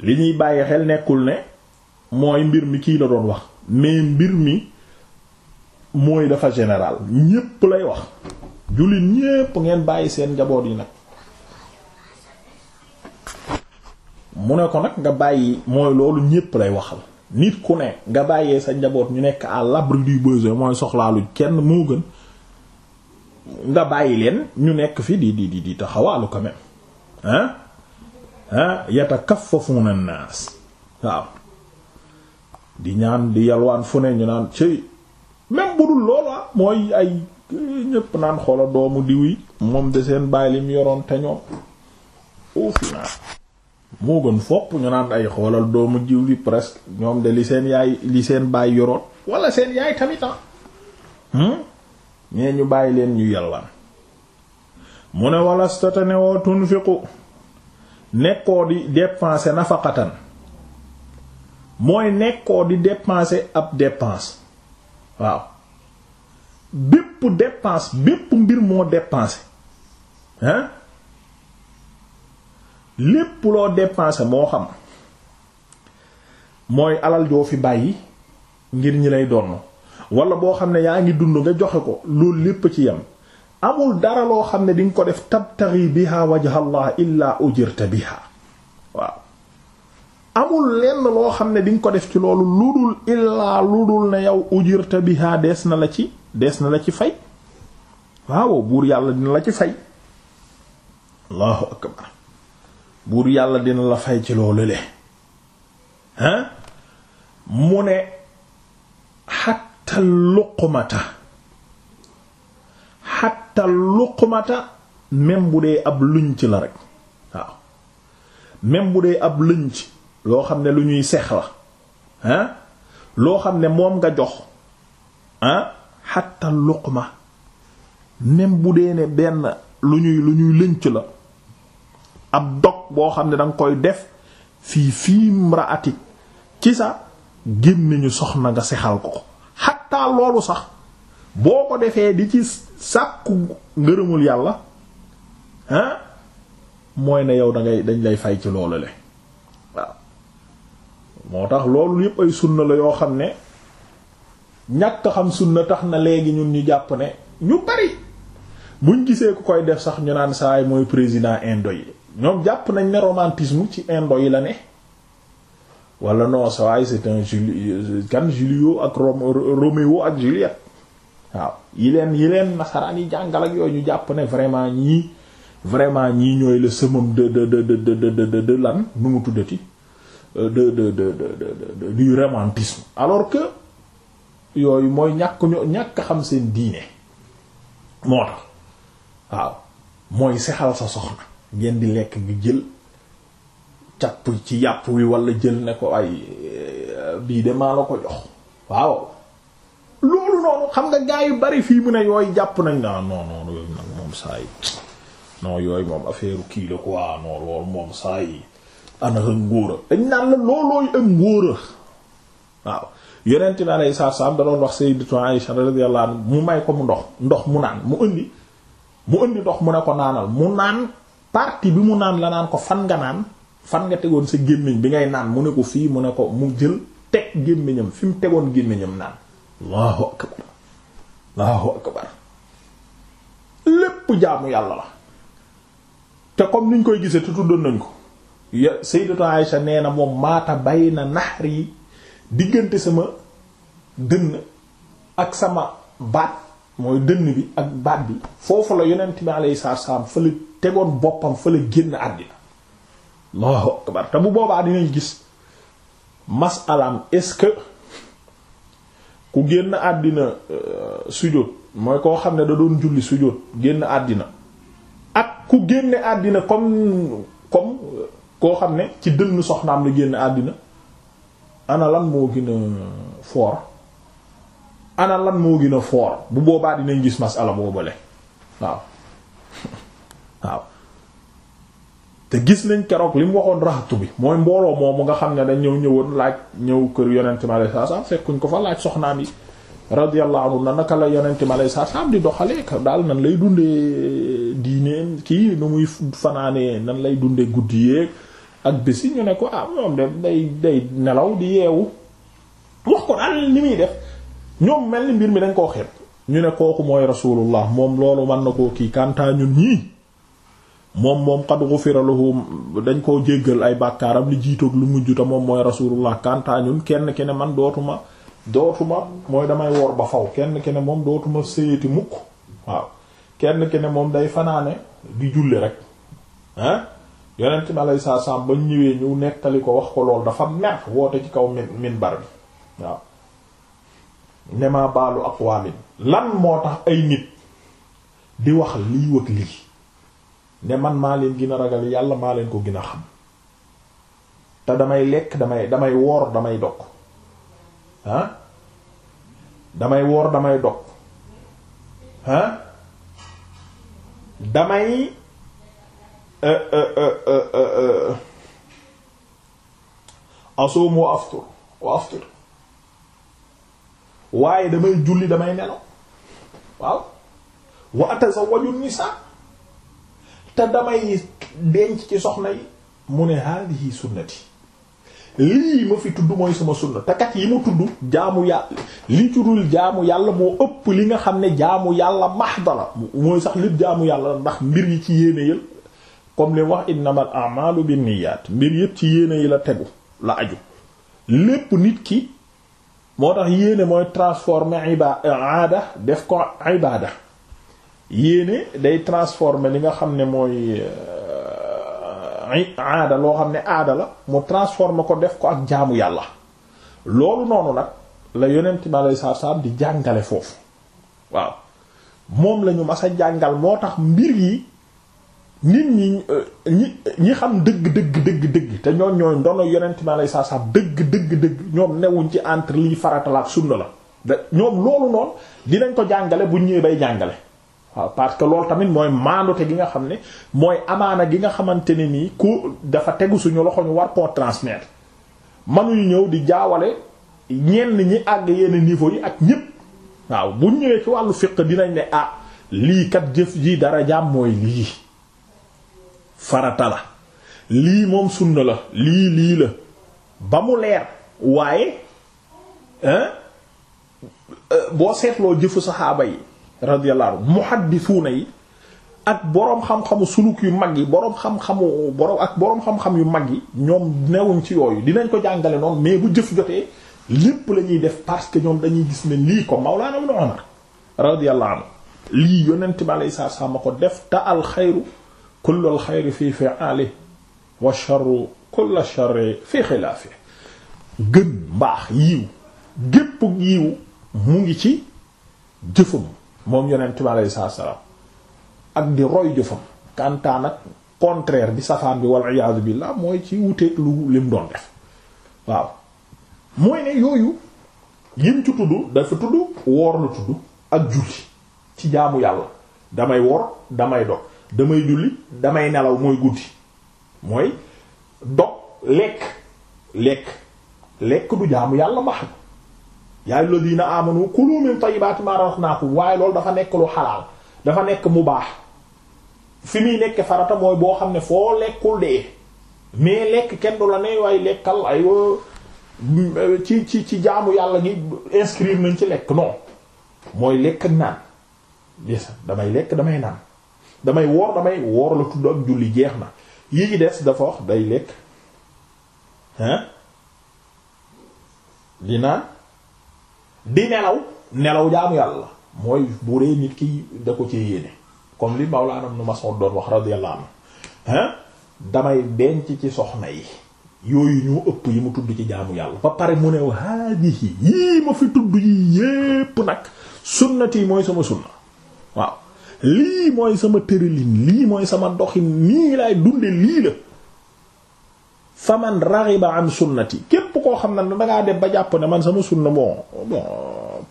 li ñuy bàyyi xel nekkul ne mooy mbir mi kii la doon wax mais mbir mi mooy dafa général ñépp lay wax jullit ñépp ngeen bàyyi seen njaboot yi nag mu ne ko nag nga bàyyi mooy loolu ñépp lay waxal nit ku ne nga bàyyee sa njaboot ñu nekk à l'abri du besoin mooy soxlaalu kenn moo gën nga bàyyi leen ñu nekk fi di di di di taxawaalu quand même hein hein yatakaffafuna an-nas waaw di ñaan di yalwaan fu ne ñu naan cëy même bu dul loola ah, mooy ay ñëpp naan xoola doomu diw yi moom de seen bàyyi lim yoroon te ñoom au moo gën fopp ñu naan ay xoolal doomu jiw bi presque ñoom de li seen yaay li seen baay yoroon wala seen yaay tamit ah hmm? ñee ñu bàyyi leen ñu yàllan mu ne wala statane woo tunfiqu nekkoo di dépenser nafaqatan mooy nekkoo di dépenser ab dépense waaw bépp dépense bépp mbir moo dépensé hein lépp loo dépensé moo xam mooy alal joo fi bàyyi ngir ñi lay donn wala boo xam ne yaa ngi dund nga joxe ko loolu lépp ci yam amul dara loo xam ne di nga ko def tabtaghi biha wajha Allah illa ujirta biha amul lenn loo xam ne di ko def ci loolu ludul illaa ludul na yow ujirta biha dees na la ci dees na la ci fay waaw buur yàlla dina la ci fay allahu yàlla dina la fay ci loolu le ah mu ne xatta luqmata xatta luqmata même bu dee ab luñ ci la rek waaw même bu dee ab luñ ci loo xam ne lu ñuy sex la ah loo xam ne moom nga jox ah xatta ma même bu dee ne benn lu ñuy lu ñuy lënc la ab dog boo xam ne danga koy def fii fii mraatik ci sa gémmiñu soxna nga sexal ko xatta loolu sax boo ko defee di ci sàkku ngërëmul yàlla ah mooy ne yow dangay dañ lay fay ci loolu le moo tax loolu yëpp ay sunna la yoo xam ne ñàkk xam sunna tax na léegi ñun ñu jàpp ne ñu bari buñ gisee ku koy def sax ñu naan saay mooy président indo yi ñoom jàpp nañ ne romantisme ci indo yi la ne wala non sawaay c'est un Juli kan Julio ak Roméo ak Juliette waaw yi leen yi leen nasaraan yi jàngal ak yooyu ñu jàpp ne vraiment ñii vraiment ñii ñooy le summum de de de de de de lan nu mu tuddati Euh, de de du romantisme alors que yooyu mooy ñàkk ñu ñàkk xam seen diine moo tax waaw mooy sexal sa soxna ngeen di lekk gi jël càpp ci yàpp wi walla jël ne ko ay euh, bii de maa la ko jox waaw loolu noonu xam nga gaa yu bari fii mu ne yooyu jàpp nañ naa ah, non yooyu nag moom saa yi non yooyu moom affaire kii la quoi non loolu moom saa yi ana ak ngóora dañ naan la loolooy ak ngóora waaw yonent bi alayhi salaatu salaam da doon wax sayyidatu Aisha radiyallahu anha mu may ko mu ndox ndox mu naan mu indi mu indi ndox mu ne ko naanal mu naan partie bi mu naan la naan ko fan nga naan fan nga tegoon sa gémmiñ bi ngay naan mu ne ko fii mu ne ko mu jël teg gémmiñam fi mu tegoon gémmiñam naan allahu akbar allahu lépp jaamu yàlla la te comme niñ koy gisee te tuddoon nañ ko sayyidatu Aïsha nee na moom maata na naxar yi diggante sama dënn ak sama baat mooy dënn bi ak baat bi foofu la yonent bi alayhi salaam fa la tegoon boppam fa la génn àddina Allahu akbar te bu boobaa dinañ gis masalaam est-ce que ku génn àddina euh, sujjóot mooy koo xam ne da doon julli sujjóot génn àddina ak ku génne àddina comme comme koo xam ne ci dënn soxnaam la génn àddina ana moo gën foor ana lan moo gën a foor bu boobaa dinañ gis masala boobale waaw waaw te gis nañ keroog li mu waxoon raxatu bi mooy mbooloo moomu nga xam ne dañ ñëw ñëwoon laaj ñëw kër yonente ma lay saa fekkuñ ko fa laaj soxnaam yi radiyallahu anhu na naka la yonente ma lay saam di doxalee daal nan lay dundee diineem kii nu muy fanaanee nan lay dundee guddi yeeg ak bési ñu ne ko ah moom de day day nelaw di yeewu wax ko daal li muy def ñoom mel ni mbir mi dañ koo xeeb ñu ne kooku mooy rasulullah moom loolu mën na koo kii kantaa ñun ñii moom moom qad ghufira lahu dañ koo jéggal ay bàkkaaram li jiitoog lu mujj moom mooy rasulullah kantaa ñun kenn ki ne man dootuma dootuma mooy damay woor ba faw kenn ki ne moom dootuma séyati mukk waaw kenn ki ne moom day fanaane di julli rek yonent mi alay saa saam ba ñëwee ñu nettali ko wax ko lool dafa mer woote ci kaw min minbar bi waaw ne ma baalu aqwaamin lan moo tax ay nit di wax lii wëg lii ne man maa leen gën a ragal yàlla maa leen ko gën a xam te damay lekk damay damay woor damay dog ah damay woor damay dog ah damay Eh, eh, eh, asuum wa aftur wa aftur waaye damay julli damay nelaw waaw wa atazawwaju nisaa te damay denc ci soxna yi mu ne hadihi sunnati lii ma fi tudd mooy sama sunna te kat yi mu tudd jaamu yàlla li tuddul jaamu yàlla moo ëpp li nga xam ne jaamu yàlla maxdala mooy sax lépp jaamu yàlla ndax mbir yi ci yéene yël comme li wax innamal a'malu binniyat mbir yépp ci yéene yi la tegu la aju lépp nit ki moo tax yéene mooy transformer iba aada def ko ibada yéene day transformer li nga xam ne mooy euh, aada loo xam ne aada mu transformer ko def ko ak jaamu yàlla loolu noonu nag la yonent ma lay saab saab di jàngale foofu waaw moom lañu mas a jàngal moo tax mbir yi nit ñi euh, ñi ñi xam dëgg dëgg dëgg dëgg te ñoon ñooy ndono yonent mi aleyhi salaatu salaam dëgg dëgg dëgg ñoom newuñ ci entre liy farata ak sunna la da ñoom loolu noonu dinañ ko jàngale bu ñëwee bay jàngale waaw parce que loolu tamit mooy maandute gi nga xam ne mooy amaana gi nga xamante ne nii ku dafa tegu suñu loxo ñu war koo transmettre mënuñu ñëw di jaawale ñenn ñi àgg yenn niveau yi ak ñépp waaw bu ñëwee ci wàllu fiqh dinañ ne ah lii kat jëf ji dara jaam mooy lii farata la lii moom sunna la lii lii la ba mu leer waaye euh, boo seetloo jëfu saxaaba yi radiyallahu muhaddisuuna yi ak boroom xam-xamu suluk yu mag yi boroom xam-xamu boroom ak boroom xam-xam yu mag yi ñoom newuñ ci yooyu dinañ ko jàngale noonu mais bu jëf jotee lépp la ñuy def parce que ñoom dañuy gis ne lii ko Mawlaana Ibn Umar radiyallahu anhu lii yonent bi alayhi salaatu ma ko def ta al kull alxeyri fi fi'ali wa sharru kull sharri fi xilaafi gën mbaax yiw gépp yiw mu ngi ci jëfam moom yonent bi aleyhi salaatu salaam ak di roy jëfam kantaa nag contraire bi safaan bi wal iyaadu billaah mooy ci wuteeg lu lim doon def waaw mooy ne yooyu yim ci tudd dafa tudd woor la tudd ak julli ci jaamu yàlla damay woor damay dog damay julli damay nelaw mooy guddi mooy dog lekk lekk lekk du jaamu yàlla max yaa ayyuhal ladina amanu kulu min tayyibati ma razaqnakum waaye lool dafa nekk lu xalaal dafa nekk mu baax fi muy nekk farata mooy boo xam ne foo lekkul dee mais lekk kenn du la ne waaye lekkal ay ci ci ci jaamu yàlla gi inscrire nañ ci lekk non mooy lekk naan damay lekk damay naan damay woor damay woor la tudd ak julli jeex na yi des dafa wax day lekk hein di di nelaw nelaw jaamu yàlla mooy bu dee nit kii da ko ci yéene comme li Mawlana Ibn Mas'ud doon wax radiyallahu anhu hein damay denc ci soxna yi yooyu ñoo ëpp yi mu tudd ci jaamu yàlla ba pare mu ne haadihi yii ma fi tudd yi yépp nag sunnati mooy sama sunna waaw lii mooy sama tërëlin lii mooy sama doxin nii laay dunde lii la faman raxiba an sunnati képp koo xam ne dangaa dem ba jàpp ne man sama sunna bon bon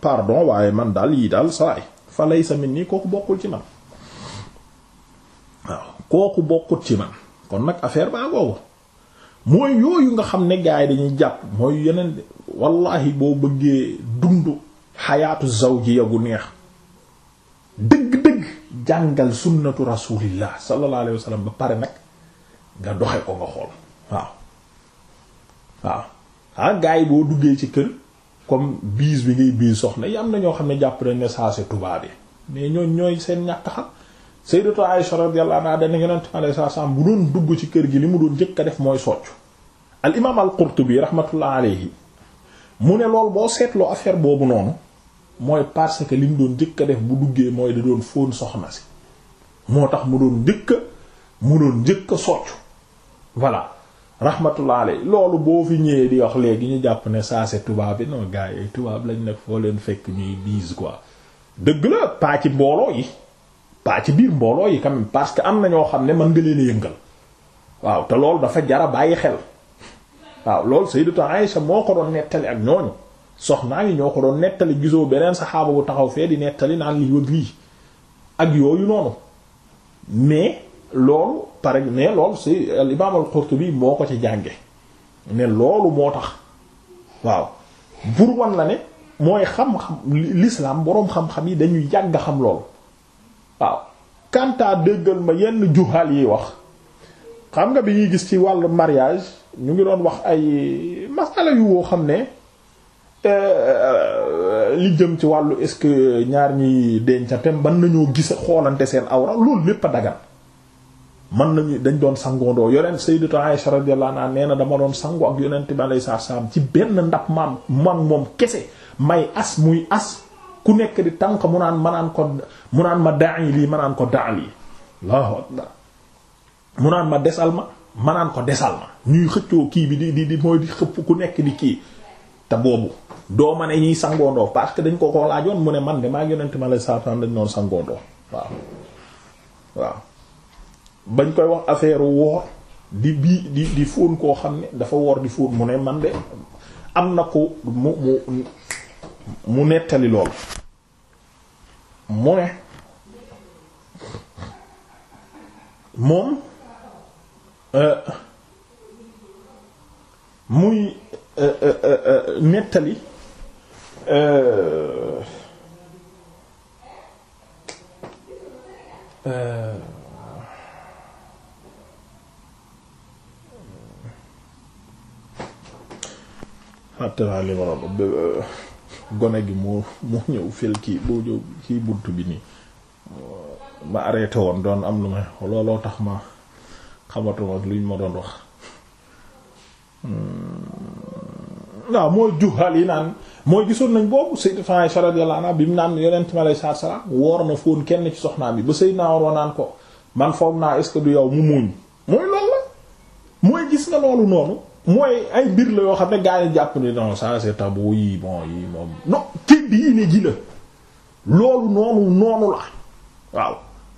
pardon waaye man daal yii daal saay fa laysa nii kooku bokkul ci man waaw kooku bokkut ci man kon nag affaire baa googu mooy yooyu nga xam ne gars yi dañuy jàpp mooy yeneen wallahi boo bëggee dund xayaatu zawji yagu neex jàngal sunnatu rasulillah sallallahu alayhi wa sallam ba pare nag nga doxe ko nga xool waaw waaw ah yi boo duggee ci kër comme biis bi ngay biis soxna yi am na ñoo xam ne jàpp nañ ne saa si tubaab yi mais ñooñ ñooy seen ñàkk xam sayyidatu Aisha radiyallahu anha dana yonent mi alayhi salaam bu doon dugg ci kër gi li mu doon jëkk a def mooy soccu al imaam al Qurtubi rahmatullah alayhi mu ne lool boo seetloo affaire boobu noonu mooy parce que li mu doon njëkk def bu duggee mooy da doon fóon soxna si moo tax mu doon njëkk a mu doon njëkk a soccu voilà rahmatullah alay loolu boo fi ñëwee di wax léegi ñu jàpp ne ça c'est tubaab bi non gars yi tubaab lañ nekk foo leen fekk ñuy diis quoi dëgg la pas ci mbooloo yi pas ci biir mbooloo yi quand même parce que am na ñoo xam ne mën nga leen a yëngal waaw te loolu dafa jara bàyyi xel waaw loolu Sayyidatu Aïsha moo ko doon nettali ak ñooñu soxnaa yi ñoo ko doon nettali gisoo beneen saxaaba bu taxaw fee di nettali naan lii wëg lii ak yooyu noonu mais loolu par exemple mais si al imaam al-Qurtubi moo ko ci jànge ne loolu moo tax waaw pour wan la ne mooy xam-xam l'islam boroom xam-xam yi dañuy yàgg xam loolu waaw kanta déggal ma yenn juhaal yi wax xam nga bi ñuy gis ci wàllu mariage ñu ngi doon wax ay masala yu woo xam ne Euh, li jëm ci wàllu est-ce que ñaar ñuy dencante mën nañoo gis xoolante seen awra loolu lépp a dagan mën nañu dañ doon sangoondoo yonent sayyidatu Aisha radiyallahu anha nee na dama doon sangu ak yonent bi alayhi salaam ci benn ndab maam man moom kese may as muy as ku nekk di tànk mu naan manaan ko mu naan ma da'i lii manaan ko daal yi Allahu akbar mu naan ma desal ma manaan ko desal ma ñuy xëccoo kii bi di di di mooy di xëpp ku nekk di kii te boobu doo ma ne ñiy sangoondoo parce que dañ ko ko laajoon mu ne man de maa yonent ma la saatan dañ noon sangoondoo waaw waaw bañ koy wax affaire woor di bii di fóon koo xam ne dafa woor di fóon mu ne man de am na ko mu mu mu nettali lool mu euh, muy euh, euh, nettali xatta naa li ma gone gi moo moo ñëw fil kii boo ñëw kii bunt bi nii ma arrêté woon doon am lu may looloo tax ma xamatuma luñ ma doon wax hmm. waaw mooy juhal yi naan mooy gisoon nañ boobu sayyidatuna Aisha radiyallahu anha bi mu naan yonent mi alayhi salaatu woor na fóon kenn ci soxnaam yi ba sayyidna Urwa naan ko man foog naa est-ce que du yow mu muuñ mooy loolu la mooy gis nga loolu noonu mooy ay mbir la yoo xam ne gaa yi jàpp ne non ça c'est tabou yi bon yi moom non bi diine ji la loolu noonu noonu la waaw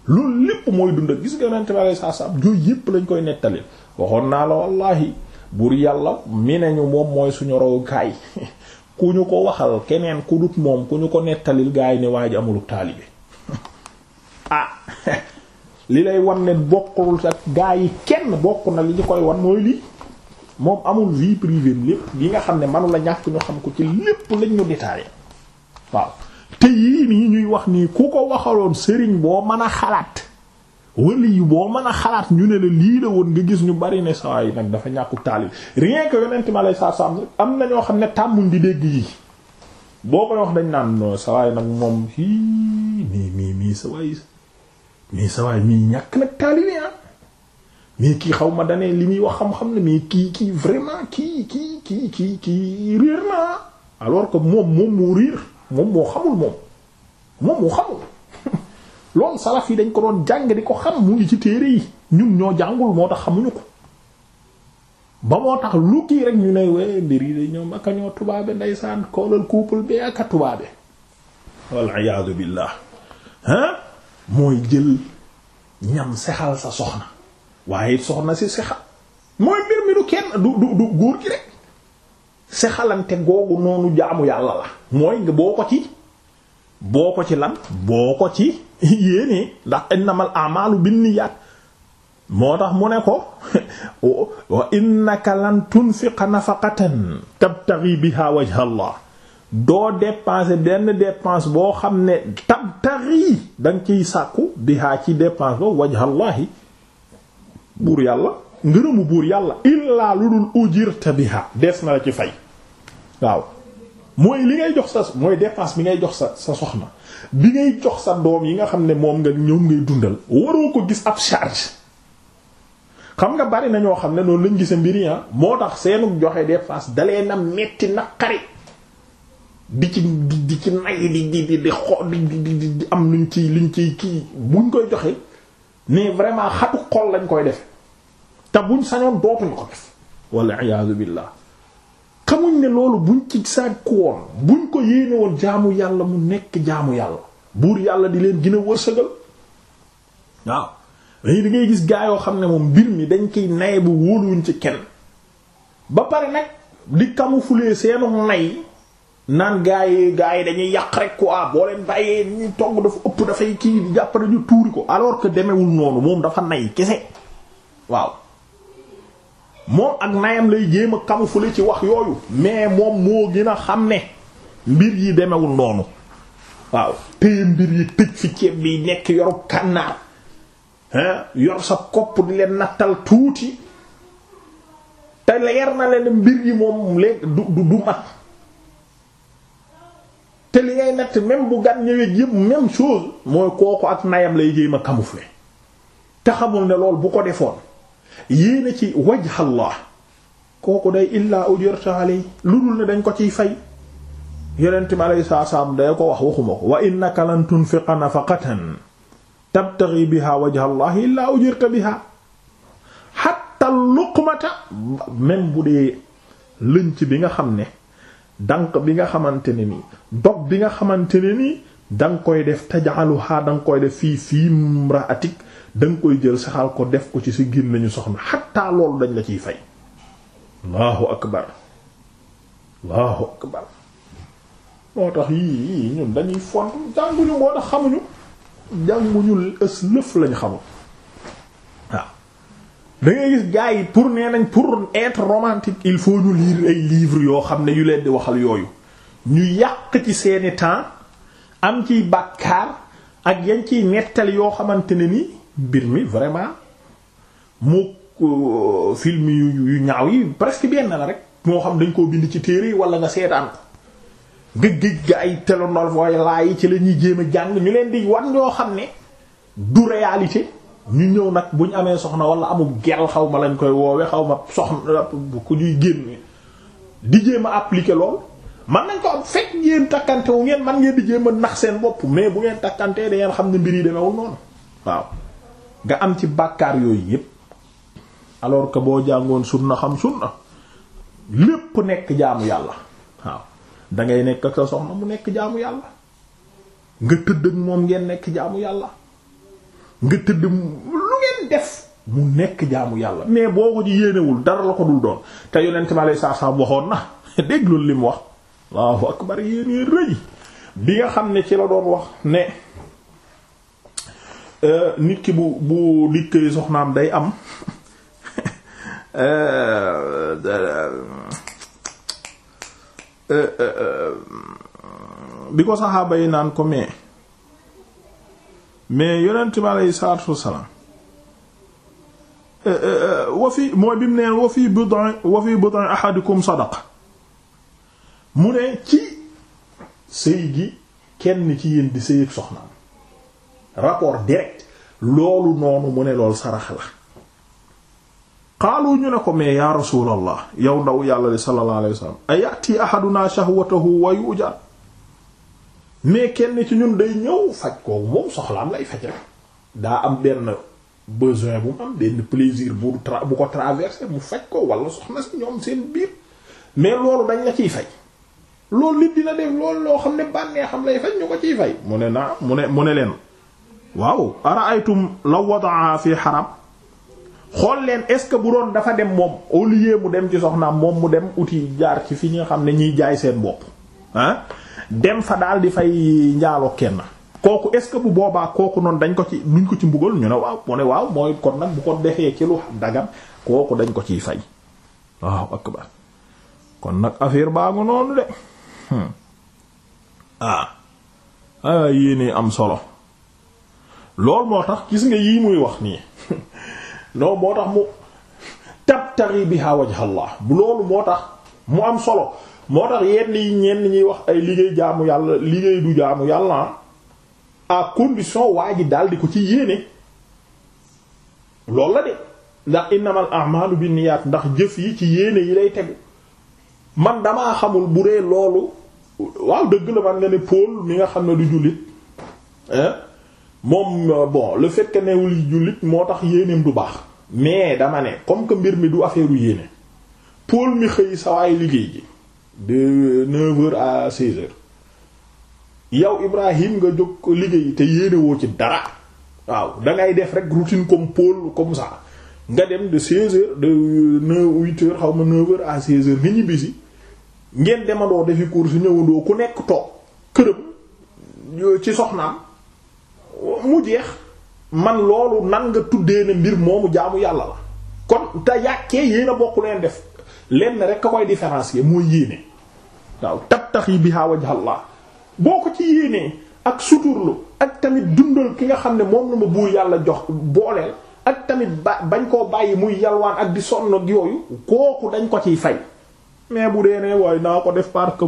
loolu lépp mooy dund gis nga yonent mi alayhi salaatu salaam yooyu yëpp lañ koy nettali waxoon naa la wallahi buur yàlla mi nañu moom mooy suñu royukaay ku ñu ko waxal keneen ku dut moom ku ñu ko nettalil gaa yi ne waaye ji amuluk taalibe ah li lay wan ne bokkul sa gaa yi kenn bokk na li ñu koy wan mooy lii moom amul vie privée lépp gi nga xam ne manu la ñàkk ñu xam ko ci lépp lañ ñu détaillé waaw te yii nii ñuy wax nii ku ko waxaloon sëriñ boo mën a xalaat wala yi boo mën a xalaat ñu ne la lii la woon nga gis ñu bari ne saa yi nag dafa ñàkku taalib rien que yonent ma lay saa sam am na ñoo xam ne tàmmuñ di dégg yi boo koy wax dañ naan non sawaay nag moom hii mii mii mii sawaay mii sawaay mii ñàkk nag taalibe ah mii kii xaw ma danee li muy wax xam-xam ne mii kii kii vraiment kii kii kii kii kii riir na alors que moom moom moo riir moom moo xamul moom moom moo xamul lool salaf yi dañ ko doon jàng di ko xam mu ngi ci téere yi ñun ñoo jàngul moo tax xamuñu ko ba moo tax lu kii rek ñu ne we mbir yi de ñoom aka ñoo tubaabe ndeysaan koolal couple bi aka tubaabe wal iyaadu billah hein mooy jël ñam sexal sa soxna waaye soxna si sexal mooy mbir mi du kenn du du góor gi rek sexalante googu noonu jaamu yàlla la mooy nga boo ko ci boo ko ci lan boo ko ci yéene ndax innamal a'malu binniyat moo tax mu ne ko wa innaka lan tunfiqa nafaqatan tabtaghi biha wajha Allah doo dépenser benn dépense boo xam ne tabtaghi danga ciy sàkku biha ci dépense ba wajha buur yàlla ngërëmu buur yàlla illaa lu dul ujirta biha dees na la ci fay waaw mooy li ngay jox sa mooy dépense bi ngay jox sa sa soxna bi ngay jox sa doom yi nga xam ne moom nga ñoom ngay dundal waroo ko gis ab charge xam nga bari na ñoo xam ne noonu lañ gis mbiri ah moo tax seenu joxe dépense dalee na metti naqari di ci di ci nay di di di xo di di di am luñ ci luñ ci kii buñ koy joxe mais vraiment xatu xol lañ koy defe te buñ sañoon dootuñ ko def walla iyaazu billah xamuñ ne loolu buñ ci sàkku woon buñ ko yéene woon jaamu yàlla mu nekk jaamu yàlla buur yàlla di leen gën a wërsëgal waaw dañu di ngay gis gaayoo xam ne moom mbir mi dañ koy naye bu wóoluwuñ ci kenn ba nag di camoufler seenu nay naan gaay yi gaay yi dañuy yàq rek quoi boo leen bàyyee ñu togg dafa ëpp dafay kii di jàppare ñu tuuri ko alors que demewul noonu moom dafa nay kese waaw moom ak nayam lay jéem a camoufler ci wax yooyu mais moom moo gën a xam ne mbir yi demewul noonu waaw téye mbir yi tëj fi ceeb bi nekk yoru kànnaar yor sa kopp di leen nattal tuuti te leer na leen mbir yi moom léeg du du mat te li ngay natt même bu gan ñëwee yëpp même chose mooy kooku ak nayam lay jéema a te xamul ne lool bu ko defoon yéene ci wajhallah kooku day illaa ujirta alay lu dul ne dañ ko ciy fay yonent bi alay saa saam day ko wax waxuma ko wa innaka lan tunfiqa nafaqatan tabtaghi biha wajhallahi illaa ujirta biha hatta luqmata même bu dee lënc bi nga xam ne danq bi nga xamante ne nii bi nga xamante ne nii danga koy def tajaluha danga koy def fii fii imraatik da koy jël saxal ko def ko ci si gén nañu soxna xattaa loolu dañ la ciy fay allahu akbar allahu akbar moo tax yii ñun dañuy font jànguñu moo tax xamuñu jànguñu ës lëf lañ xamul waaw da ngay gis gars yi pour nee nañ pour être romantique il faut ñu lire ay livres yoo xam ne yu leen di waxal yooyu ñu yàq ci seeni temps am ciy bàkkaar ak yañ ciy nettali yoo xamante ne ni mbir mi vraiment mu euh, film yu ñaaw yi presque benn la rek moo xam dañ koo bind ci téere yi wala nga seetaan ko nga géej ga ay telonol fooy laa yi ci la ñuy jéem a jàng ñu leen di wan ñoo xam ne du réalité ñu ñëw nag bu amee soxna wala amul gel xaw ma lañ koy woowe xaw ma soxna ku ñuy génn di jéem a appliquer lool man nañ ko am fekk ngeen takkante wu ngeen man ngeen di jéem a nax seen bopp mais bu ngeen takkantee da xam ne mbir yi demewul noonu waaw nga am ci bàkkaar yooyu yépp alors que boo jàngoon sunna xam sunna lépp nekk jaamu yàlla waaw da nekk ak sa soxna mu nekk jaamu yàlla nga tëdd moom ngeen nekk jaamu yàlla nga tëdd lu ngeen mu nekk jaamu yàlla mais boo ko ci yéenewul dara la ko dul doon te yonent ma lay saa saa waxoon na déglul li mu wax waaw akbar yéenee rëy bi nga xam ne ci la doon wax ne Euh, nit ki bu bu dikkee soxnaam day am euh, euh, bi ko saxaaba yi naan ko mais mais yonent bi aleyhi salaatu wassalaam wa fi mooy bi mu neen wa fi bud'u wa ahadikum sadaqa mu ne ci sëy gi kenn ci yéen di sëy ak rapport direct loolu noonu mu ne loolu sarax la xaalu ñu ne ko mais ya rasulallah yow ndaw yàlla li sallallahu alayhi wasallam ayati ahaduna shahwatahu wa yuja mais kenn ci ñun day ñëw faj kooku moom am lay faj rek daa am benn besoin bu mu am benn plaisir bu tra bu ko traversé mu faj ko wala soxna si ñoom seen biir mais loolu dañ la ciy fay loolu nit dina def loolu loo xam ne bànnee xam lay faj ñu ko ciy fay mu ne naa mu ne mu ne leen waaw araaytum la wadaa fi xaram xool leen est-ce que bu doon dafa dem moom au lieu mu dem ci soxnaam moom mu dem uti jaar ci fi ñu xam ne ñuy jaay seen bopp ah dem fa daal di fay njaalo kenn kooku est-ce que bu boobaa kooku noonu dañ ko ci duñ ko ci mbugal ñu ne waaw mu ne mooy kon nag bu ko defee ci lu dagan kooku dañ ko ciy fay waaw akbar kon nag affaire baa nga noonu de hmm. ah ah yéene am solo lool moo tax gis nga yii muy wax nii non moo tax mu tabtari biha wajha Allah bu loolu moo tax mu am solo moo tax yenn yi ñenn ñuy wax ay liggéey jaamu yàlla liggéey du jaamu yàlla ah, à condition waa ji daal di ko ci yéene loolu la de ndax innamal bi niyaat ndax jëf yi ci yéene yi lay tegu man damaa xamul bu dee loolu waaw dëgg la man nga ne Paul mi nga xam ne du jullit moom euh, bon le fekk newul jullit moo tax yéeneem du baax mais dama ne comme que mbir mi du affaire u yéene Paul mi xëy sawaay liggéey ji de neuf heures à seize heures yow Ibrahim nga jóg ko liggéey te yéenewoo ci dara waaw dangay def rek routine comme Paul comme ça nga dem de seize heures de euh, neuf huit heures xaw ma neuf heures à seize heures nga ñibbisi ngeen demandoo defi course ñëwandoo ku nekk toog këram ci soxnaam mu jeex man loolu nan nga tuddee ne mbir moomu jaamu yàlla la kon te yàkkee yéen a bokk leen def lenn rek ka koy différencier mooy yéene waaw tabtaxi biha wajhallah boo ko ci yéenee ak suturlu ak tamit dundal ki nga xam ne moom la ma buur yàlla jox booleel ak tamit ba bañ koo bàyyi muy yalwaan ak di sonn ak yooyu kooku dañ ko ciy fay mais bu dee ne waaye naa ko def parce que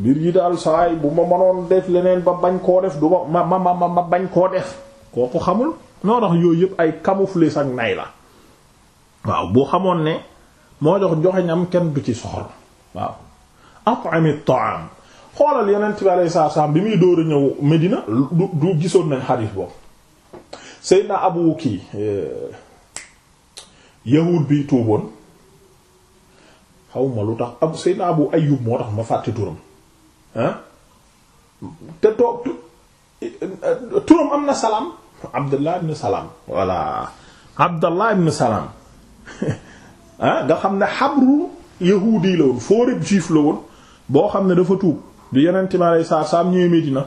mbir yi daal saay bu ma mënoon def leneen ba bañ koo def du ma ma ma ma bañ koo def kooku xamul noo tax yooyu yëpp ay camouflé ak nay la waaw boo xamoon ne moo jox joxeñam kenn bu ci soxor waaw at'amit ta'am xoolal yonent bi alayhi saa bi muy dóor a ñëw Medina du gisoon nañ xadiis boobu Seydina Abu kii eh, yahud bi tuuboon xawma lu tax ab Seydina Abu Ayyub moo tax ma fàtte turam te toog turam am na salaam abdullah ibn salaam voilà abdullah ibn salaam ah nga xam ne xabru yahuudi la woon fóoreb juif la woon boo xam ne dafa tuub du yenente mi alei saatu salaam ñëwee Medina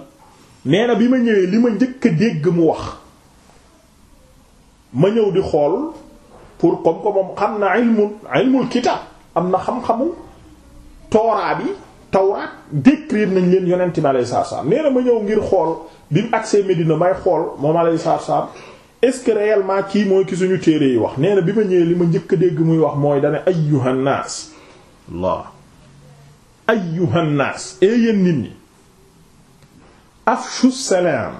nee bi ma ñëwee li ma njëkk a dégg mu wax ma ñëw di xool pour comme que xam na ilmul am na xam-xamu tooraa bi tawraat décrire nañ leen yonent bi alayhi salaatu salaam ma ñëw ngir xool bi mu agsee Medina may xool moom alayhi salaatu salaam est-ce que réellement kii mooy gisuñu téere yi wax nee na bi ma ñëwee li ma njëkk a dégg muy wax mooy dane ayyuhan naas Allah ayyuhan naas e yéen nit ñi afshu salaam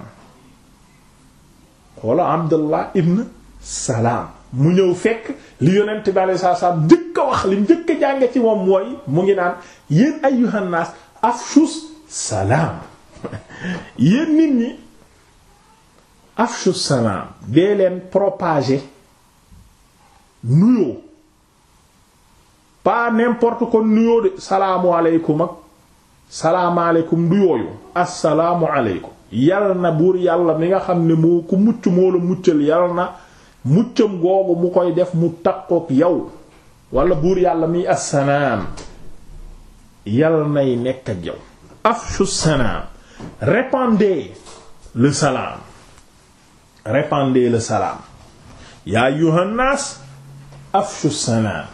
xoola Abdullah ibn salaam mu ñëw fekk li yonent bi alayhi salaam njëkk a wax li njëkk a jànge ci moom mooy mu ngi naan yéen ayyuhan naas afshus salaam yéen nit ñi afshus salaam dee leen propager nuyoo pas n'importe kon nuyoo de salaamu aleykum ak salaamaaleykum du yooyu assalaamu aleykum yal na buur yàlla mi nga xam ne moo ku mucc moo la muccal yal na muccam googu mu koy def mu takkook yow wala buur yàlla miy assanaam yal nay nekk ak yow afshu salaam répandez le salaam répandez le salaam yaa ayyuhannaas afshu salaam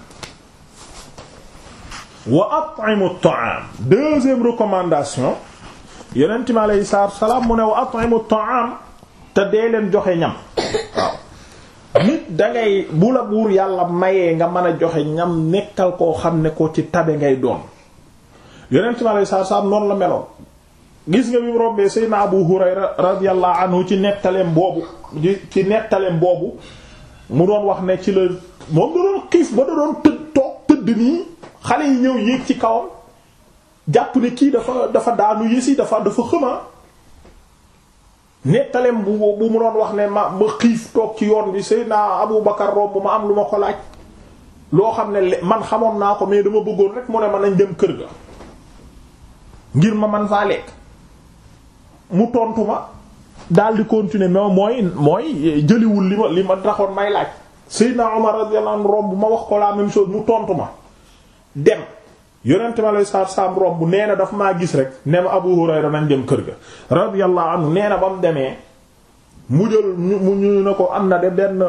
wa at'imu ta'am deuxième recommandation yonent mi alayhi salaatu salaam mu ne wa at'imu ta'am te dee leen joxe ñam dangay bu la buur yàlla mayee nga mën a joxe ñam nekkal koo xam ne ko ci tabe ngay doon yonent mi aleyhi salaatu salaam noonu la meloon gis nga bi mu rombee Seydina Abu Hurayra radiyallahu anhu ci nettaleem boobu ci nettaleem boobu mu doon wax ne ci la moom da doon xiif ba da doon tëdd toog tëdd nii xale yi ñëw yéeg ci kawam jàpp ne kii dafa dafa daanu yësi dafa dafa xëmaa ah. nettalem bu bu mu doon wax ne ma ma xiif toog ci yoon bi Seydina Abu Bakar romb ma am lu ma ko laaj loo xam ne man xamoon naa ko mais dama bëggoon rek mu ne ma nañ dem kër ga ngir ma man faa lekk mu tontu ma daal di continuer mais mooy mooy jëliwul li ma li ma taxoon may laaj Seydina Umar radiyallahu anhu romb ma wax ko la même chose mu tontu ma dem yonente ma lay saab saab romb nee na dafa maa gis rek ne ma Abu Hurayra nañ dem kër ga radiyallahu anhu nee na ba mu demee mu jël mu ñu ne ko am na de benn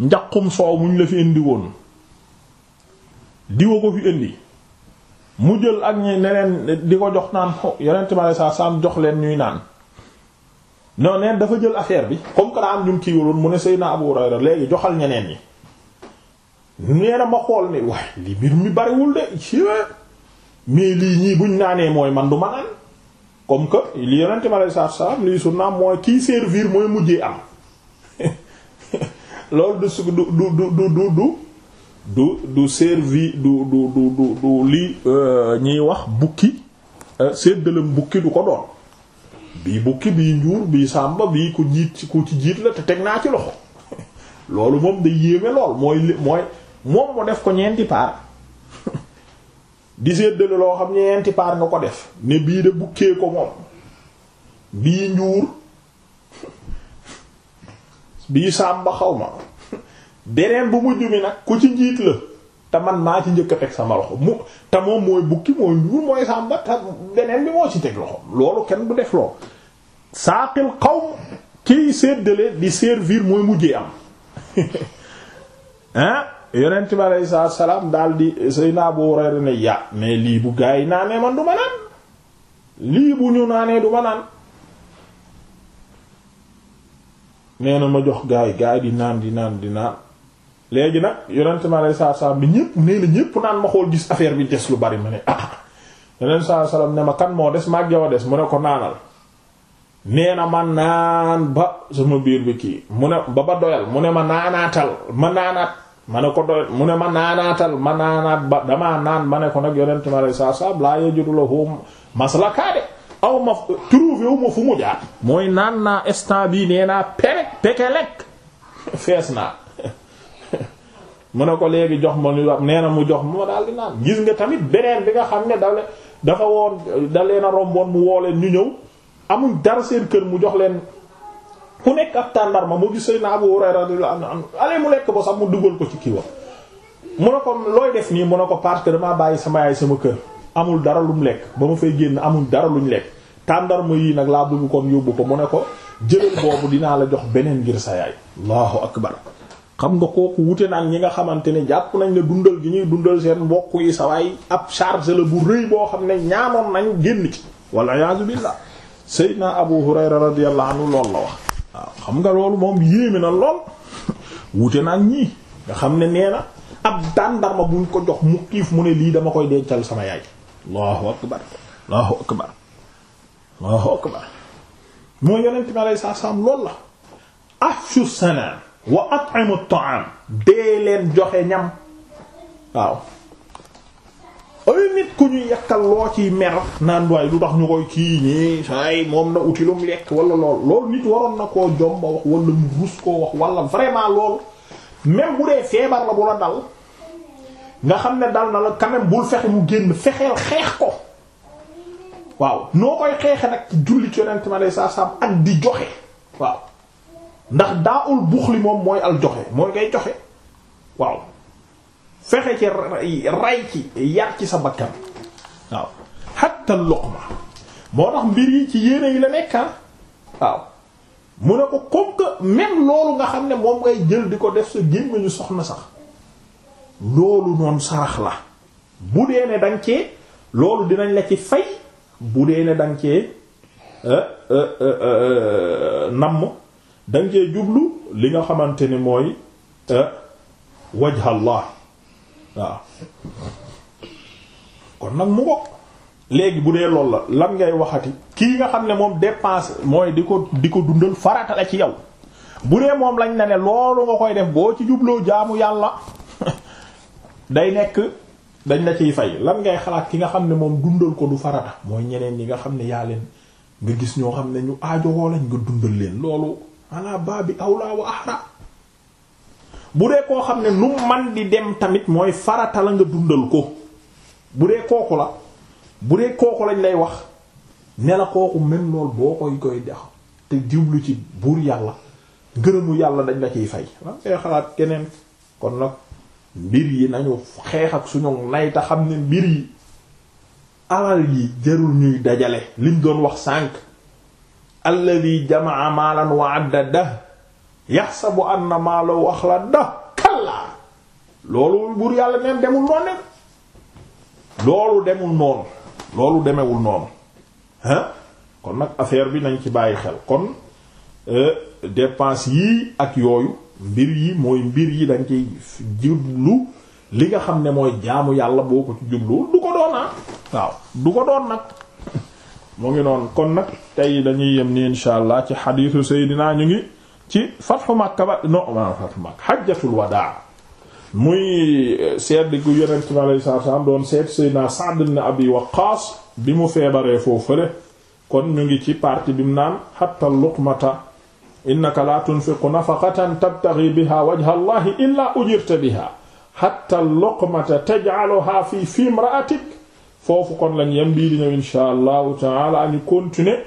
njaqum soow mu ñu la fi indi woon diwa ko fi indi mu jël ak ñi ne leen di ko jox naan yonente ma lay saab jox leen ñuy naan non neen dafa jël affaire bi comme que daa am ñu kii woloon mu ne Seydina Abu Hurayra léegi joxal ñeneen ñi nee na ma xool ni waaye li mbir mi bariwul de mais lii ñii buñ naanee mooy man du ma naan comme que li yonente mi alei salaatu salaam lii su naam mooy kii servir mooy mujjee am loolu du su du du du du du du servi du du du du du ñuy wax bukki séddalem bukki du ko doon bii bukki bii njuur bii sàmba bii ku jiit ku ci jiit la te teg naa ci loxo loolu moom day yéeme lool mooy moom mu def ko ñeenti paar di séddale loo xam ñeenti paar nga ko def ne bii de bukkee ko moom bii njuur bii sàmba xaw ma beneen bu mujj mi nag ku ci njiit la te man maa ci njëkk a teg sama loxo mu te moom mooy bukki mooy njuur mooy sàmba te beneen bi moo ci teg loxo loolu kenn bu def loolu saaqil xaw kiy séddale di servir mooy mujjee am hein yonent bi aleyhi salaatu salaam daal di naa Abu Hurayra ne ya mais lii bu gaa yi naanee man du naan lii bu ñu naanee du naan nee na ma di naan di nag yonent bi aleyhi bi naan ma xool bi des lu bari ma ne ah, ah. ma kan moo na ma naan ba sama biir bi kii mu ne ba ba doyal mu ne ma naanaatal ma naanaat. ma ne ko doy mu ne ma naanaatal ma naanaat ba damaa naan ma ne ko nag yonent ma lay saa saa laa yajudu lahu maslaka de aw ma trouvé ma fu mu jaar. mooy naan naa instant bii nee naa pere pekelek fees naa mu ne ko léegi jox ma lu nee na mu jox ma daal di naan gis nga tamit beneen bi nga xam ne dale dafa woon da leen a romboon mu woo leen ñu ñëw amuñ dara seen kër mu jox leen. ku nekk ab tàndarma moo gis Seydina Abu Hurayra radiyallahu anhu ale mu lekk ba sax mu dugal ko ci kiiwam mu ne ko looy def nii mu ko parce bàyyi sama sama kër amul dara lum lekk ba ma fay génn amul dara luñ lekk tàndarma yii nag laa kon yóbbu ko mu ne ko jëlal boobu dinaa la jox beneen ngir sa yaay allahu xam nga kooku wute na ak ñi nga xamante ne jàpp nañ ne dundal gi ñuy dundal seen mbokk yi sa waay ab charge bu rëy boo xam ne ñaanoon nañu génn ci wala iyaazu billah Seydina Abu Hurayra radiyallahu anhu loolu la wax waaw ah, xam nga loolu moom yéeme na lool wute na ak ñii nga xam ne nee na ab dàndarma buñ ko jox mu xiif mu ne lii dama koy dencal sama yaay allahu akbar allahu akbar allahu akbar mooy yonent bi salaam loolu la afshu sana wa at'imu at-ta'am dee leen joxe ñam waaw ay nit ku ñu yàkkal loo ciy mer naan waaye lu tax ñu koy kii ñii say moom na uti lu mu lekk wala lool loolu nit waroon na koo jom ba wax wala mu rus koo wax wala vraiment loolu même bu dee feebar la bu la dal nga xam ne dal na la quand même bul fexe mu génn fexeel xeex ko waaw noo koy xeexe nag ci jullit yonent ma lay saa ak di joxe waaw ndax daa ul buux li moom mooy al joxe mooy ngay joxe waaw fexe ci ray ci yar ci sa bakkan waaw hatta luqma moo tax mbir yi ci yéene yi la nekka ah. waaw mu ne ko comme que loolu nga xam ne moom ngay jël di ko def sa gémmiñu soxna sax loolu noonu sarax la bu dee ne danga cee loolu dinañ la ci fey bu dee ne danga cee euh, euh, euh, namm danga cee jublu li nga xamante ni mooy wajhallah waaw kon nag mu bokk léegi bu dee lool la lan ngay waxati kii nga xam ne moom dépense mooy di ko di ko dundal farata la ci yow bu dee moom lañ na ne loolu nga koy def boo ci jubloo jaamu yàlla day nekk dañ la ciy fay lan ngay xalaat ki nga xam ne moom dundal ko du farata mooy ñeneen yi nga xam ne yaa leen nga gis ñoo xam ne ñu aajowoo lañ nga dundal leen loolu ala baabi awla wa ahra bu dee koo xam ne nu man di dem tamit mooy farata la nga dundal ko bu dee kooku la bu dee kooku lañ lay wax ne la kooku même lool boo koy koy dex te jublu ci buur yàlla ngërëmu yàlla dañ la ciy fay lan ngay xalaat keneen kon nag mbir yi nañu xeex ak suñu nay ta xam ne mbir yi alal yi jarul ñuy dajale liñ doon wax sànq alladi jamaa maalan wa addada yaxsabu anna maa law axlada kallaa loolu buur yàlla neen demul noonu loolu demewul noonu hein kon nag affaire bi nañ ci bàyyi xel kon euh, dépense yii ak yooyu mbir yi mooy mbir yi dañ ciy jublu li nga xam ne mooy jaamu yàlla boo ko ci jubluwul du ko doon ah waaw du ko doon nag mu ngi noonu kon nag tey dañuy yem ni insha allah ci xadiisu seydinaa ñu ngi ci fatxu Makka ba no ma fatxu Makka xajjatul wadaa muy eh, seet gu yonent mi alayhi salaatu salaam Abi Waqqaas bi mu feebaree foofu kon ñu ngi ci partie bi mu naan hatta luqmata innaka laa tunfiqu nafaqatan tabtaghi biha wajha Allahi illaa ujirta biha hatta luqmata taj'aluha fi fi imra'atik foofu kon lañ yem bii di ñëw ta'ala ñu continuer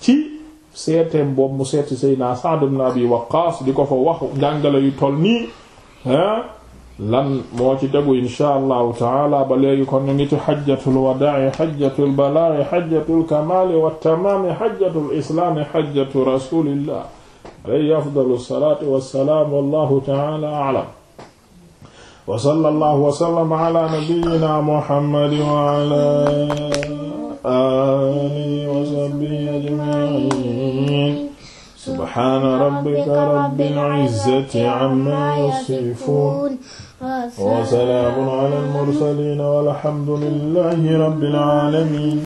ci seeteem boobu mu seeti Seydina Sa'd ibn Abi Waqqas di ko fa wax njàngale yu toll nii ah lan moo ci tegu insha allahu taala ba léegi kon ñu ngi ci xajjatul wadaa xajjatul balaa xajjatul kamaali wa tamaami xajjatul islaami xajjatu rasulillah alayhi afdalu salaatu wa salaam wallahu taala alam wa sallallahu wa sallama ala nabiyyina muhammad wa ala alihi wa sahbihi ajma'in subhaana rabbika rabbil izzati amma yasifuun wa salaamun alal mursaliin walhamdu lillahi rabbil aalamiin